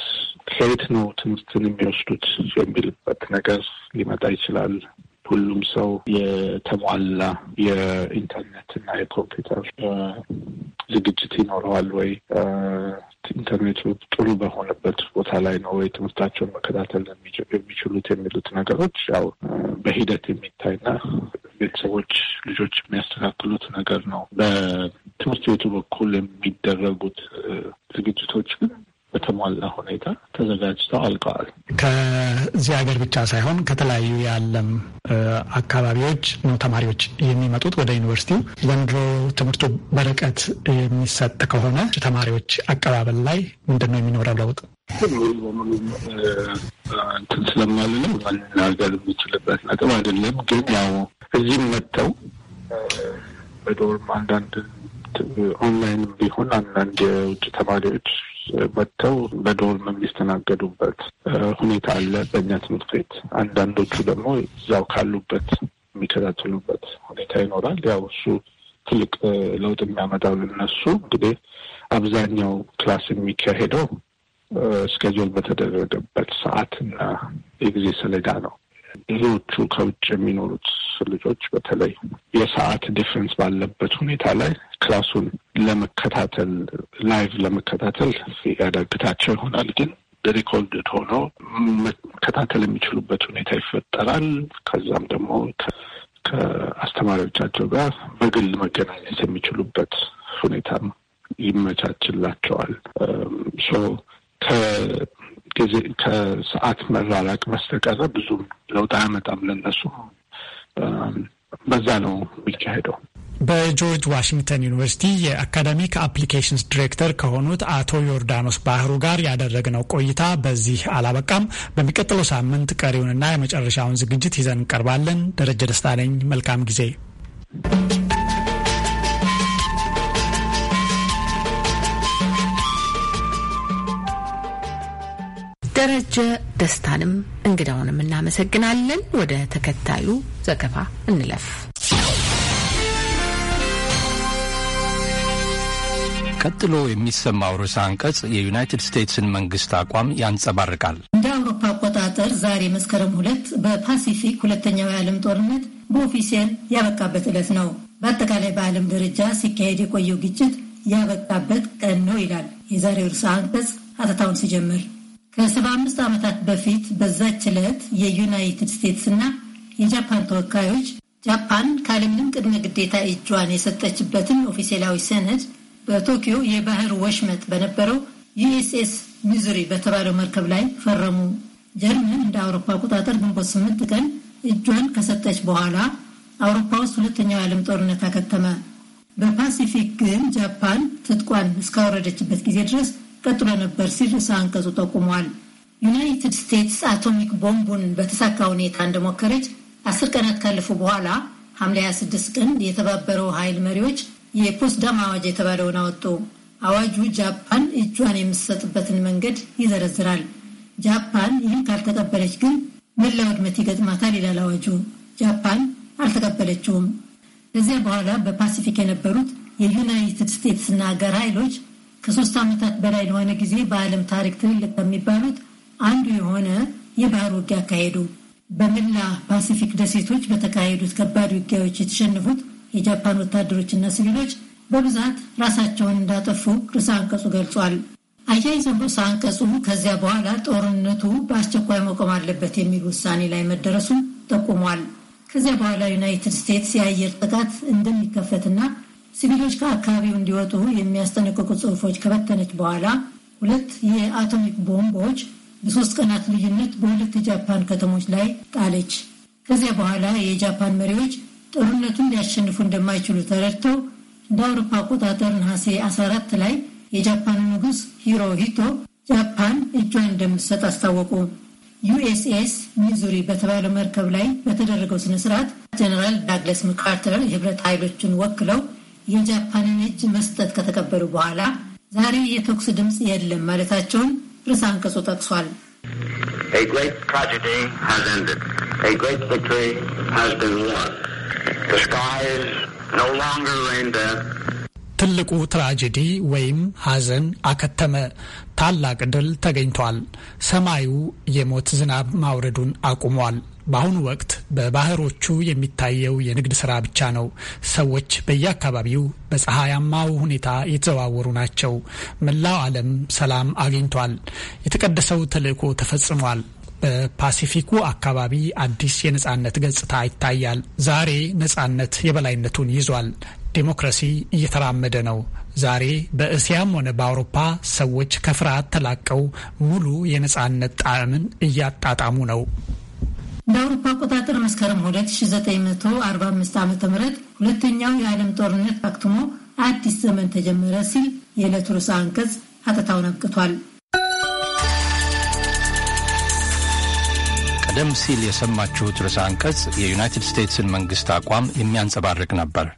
ከየት ነው ትምህርትን የሚወስዱት የሚልበት ነገር ሊመጣ ይችላል። ሁሉም ሰው የተሟላ የኢንተርኔት እና የኮምፒውተር ዝግጅት ይኖረዋል ወይ? ኢንተርኔቱ ጥሩ በሆነበት ቦታ ላይ ነው ወይ ትምህርታቸውን መከታተል የሚችሉት የሚሉት ነገሮች ያው በሂደት የሚታይና ቤተሰቦች ልጆች የሚያስተካክሉት ነገር ነው። በትምህርት ቤቱ በኩል የሚደረጉት ዝግጅቶች ግን በተሟላ ሁኔታ ተዘጋጅተው አልቀዋል። ከዚህ ሀገር ብቻ ሳይሆን ከተለያዩ የዓለም አካባቢዎች ነው ተማሪዎች የሚመጡት ወደ ዩኒቨርሲቲው። ዘንድሮ ትምህርቱ በርቀት የሚሰጥ ከሆነ ተማሪዎች አቀባበል ላይ ምንድን ነው የሚኖረው ለውጥ? ሙሉ በሙሉ እንትን ስለማልንም መናገር የሚችልበት ነጥብ አይደለም። ግን ያው እዚህም መጥተው በዶርም አንዳንድ ኦንላይንም ቢሆን አንዳንድ የውጭ ተማሪዎች ወጥተው በዶርም የሚስተናገዱበት ሁኔታ አለ በእኛ ትምህርት ቤት። አንዳንዶቹ ደግሞ እዛው ካሉበት የሚከታተሉበት ሁኔታ ይኖራል። ያው እሱ ትልቅ ለውጥ የሚያመጣው ልነሱ እንግዲህ አብዛኛው ክላስ የሚካሄደው እስኬጁል በተደረገበት ሰዓት እና የጊዜ ሰሌዳ ነው። ብዙዎቹ ከውጭ የሚኖሩት ልጆች በተለይ የሰዓት ዲፍረንስ ባለበት ሁኔታ ላይ ክላሱን ለመከታተል ላይቭ ለመከታተል ያዳግታቸው ይሆናል ግን ሪኮርድድ ሆኖ መከታተል የሚችሉበት ሁኔታ ይፈጠራል። ከዛም ደግሞ ከአስተማሪዎቻቸው ጋር በግል መገናኘት የሚችሉበት ሁኔታም ይመቻችላቸዋል። ሶ ጊዜ ከሰዓት መራራቅ በስተቀረ ብዙ ለውጥ አያመጣም ለነሱ። በዛ ነው የሚካሄደው። በጆርጅ ዋሽንግተን ዩኒቨርሲቲ የአካዳሚክ አፕሊኬሽንስ ዲሬክተር ከሆኑት አቶ ዮርዳኖስ ባህሩ ጋር ያደረግነው ቆይታ በዚህ አላበቃም። በሚቀጥለው ሳምንት ቀሪውንና የመጨረሻውን ዝግጅት ይዘን እንቀርባለን። ደረጀ ደስታ ነኝ። መልካም ጊዜ። ደረጀ ደስታንም እንግዳውንም እናመሰግናለን። ወደ ተከታዩ ዘገባ እንለፍ። ቀጥሎ የሚሰማው ርዕሰ አንቀጽ የዩናይትድ ስቴትስን መንግስት አቋም ያንጸባርቃል። እንደ አውሮፓ አቆጣጠር ዛሬ መስከረም ሁለት በፓሲፊክ ሁለተኛው የዓለም ጦርነት በኦፊሴል ያበቃበት ዕለት ነው። በአጠቃላይ በዓለም ደረጃ ሲካሄድ የቆየው ግጭት ያበቃበት ቀን ነው ይላል የዛሬው ርዕሰ አንቀጽ ሀተታውን ሲጀምር ከሰባ አምስት ዓመታት በፊት በዛች ዕለት የዩናይትድ ስቴትስ እና የጃፓን ተወካዮች ጃፓን ካለምንም ቅድመ ግዴታ እጇን የሰጠችበትን ኦፊሴላዊ ሰነድ በቶኪዮ የባህር ወሽመጥ በነበረው ዩኤስኤስ ሚዙሪ በተባለው መርከብ ላይ ፈረሙ። ጀርመን እንደ አውሮፓ አቆጣጠር ግንቦት ስምንት ቀን እጇን ከሰጠች በኋላ አውሮፓ ውስጥ ሁለተኛው የዓለም ጦርነት አከተመ። በፓሲፊክ ግን ጃፓን ትጥቋን እስካወረደችበት ጊዜ ድረስ ቀጥሎ ነበር ሲል ርዕሰ አንቀጹ ጠቁሟል። ዩናይትድ ስቴትስ አቶሚክ ቦምቡን በተሳካ ሁኔታ እንደሞከረች አስር ቀናት ካለፉ በኋላ ሐምሌ 26 ቀን የተባበረው ኃይል መሪዎች የፖስዳም አዋጅ የተባለውን አወጡ። አዋጁ ጃፓን እጇን የምትሰጥበትን መንገድ ይዘረዝራል። ጃፓን ይህን ካልተቀበለች ግን መላ ውድመት ይገጥማታል ይላል አዋጁ። ጃፓን አልተቀበለችውም። ከዚያ በኋላ በፓሲፊክ የነበሩት የዩናይትድ ስቴትስና ሀገር ኃይሎች ከሶስት ዓመታት በላይ ለሆነ ጊዜ በዓለም ታሪክ ትልልቅ ከሚባሉት አንዱ የሆነ የባህር ውጊያ አካሄዱ። በመላ ፓሲፊክ ደሴቶች በተካሄዱት ከባድ ውጊያዎች የተሸነፉት የጃፓን ወታደሮችና ሲቪሎች በብዛት ራሳቸውን እንዳጠፉ ርዕሰ አንቀጹ ገልጿል። አያይዘን ርዕሰ አንቀጹ ከዚያ በኋላ ጦርነቱ በአስቸኳይ መቆም አለበት የሚል ውሳኔ ላይ መደረሱ ጠቁሟል። ከዚያ በኋላ ዩናይትድ ስቴትስ የአየር ጥቃት እንደሚከፈትና ሲቪሎች ከአካባቢው እንዲወጡ የሚያስጠነቅቁ ጽሑፎች ከበተነች በኋላ ሁለት የአቶሚክ ቦምቦች በሶስት ቀናት ልዩነት በሁለት የጃፓን ከተሞች ላይ ጣለች። ከዚያ በኋላ የጃፓን መሪዎች ጦርነቱን ሊያሸንፉ እንደማይችሉ ተረድተው እንደ አውሮፓ አቆጣጠር ነሐሴ 14 ላይ የጃፓን ንጉሥ ሂሮሂቶ ጃፓን እጇን እንደምትሰጥ አስታወቁ። ዩኤስኤስ ሚዙሪ በተባለው መርከብ ላይ በተደረገው ስነ ስርዓት ጀነራል ዳግለስ መካርተር የህብረት ኃይሎችን ወክለው የጃፓንን እጅ መስጠት ከተቀበሉ በኋላ ዛሬ የተኩስ ድምፅ የለም ማለታቸውን ርዕሰ አንቀጹ ጠቅሷል። ትልቁ ትራጀዲ ወይም ሐዘን አከተመ። ታላቅ ድል ተገኝቷል። ሰማዩ የሞት ዝናብ ማውረዱን አቁሟል። በአሁኑ ወቅት በባህሮቹ የሚታየው የንግድ ስራ ብቻ ነው። ሰዎች በየአካባቢው በፀሐያማው ሁኔታ የተዘዋወሩ ናቸው። መላው ዓለም ሰላም አግኝቷል። የተቀደሰው ተልዕኮ ተፈጽሟል። በፓሲፊኩ አካባቢ አዲስ የነጻነት ገጽታ ይታያል። ዛሬ ነጻነት የበላይነቱን ይዟል። ዴሞክራሲ እየተራመደ ነው። ዛሬ በእስያም ሆነ በአውሮፓ ሰዎች ከፍርሃት ተላቀው ሙሉ የነጻነት ጣዕምን እያጣጣሙ ነው። እንደ አውሮፓ አቆጣጠር መስከረም 2945 ዓ ም ሁለተኛው የዓለም ጦርነት አክትሞ አዲስ ዘመን ተጀመረ ሲል የዕለቱ ርዕሰ አንቀጽ አጥታውን አብቅቷል። ቀደም ሲል የሰማችሁት ርዕሰ አንቀጽ የዩናይትድ ስቴትስን መንግስት አቋም የሚያንጸባርቅ ነበር።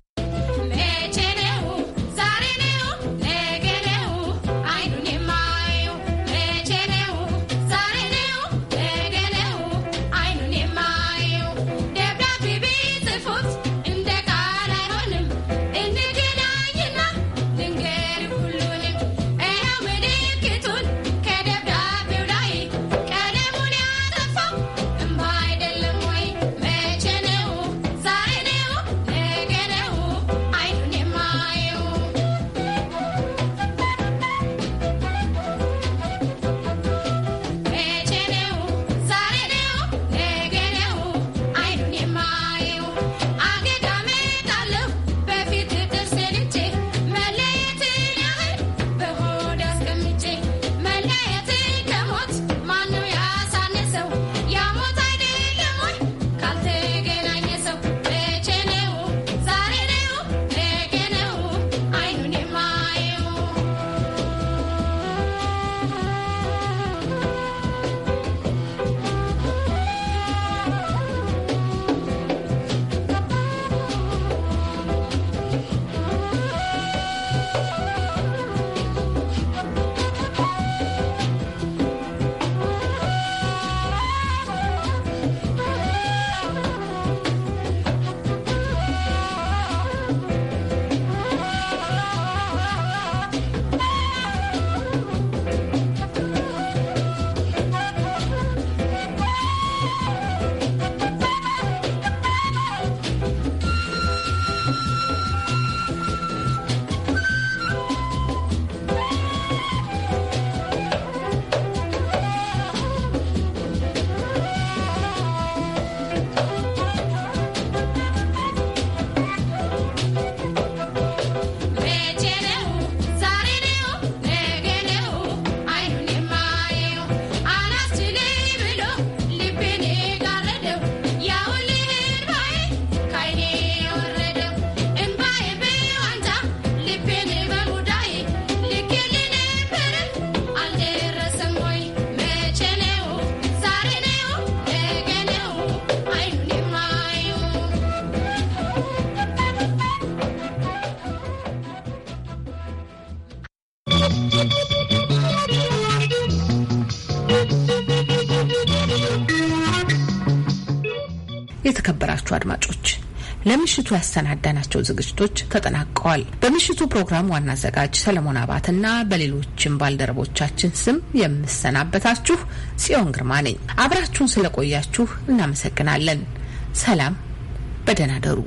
የተከበራችሁ አድማጮች ለምሽቱ ያሰናዳናቸው ዝግጅቶች ተጠናቀዋል። በምሽቱ ፕሮግራም ዋና አዘጋጅ ሰለሞን አባትና በሌሎችም ባልደረቦቻችን ስም የምሰናበታችሁ ጽዮን ግርማ ነኝ። አብራችሁን ስለቆያችሁ እናመሰግናለን። ሰላም፣ በደህና ደሩ።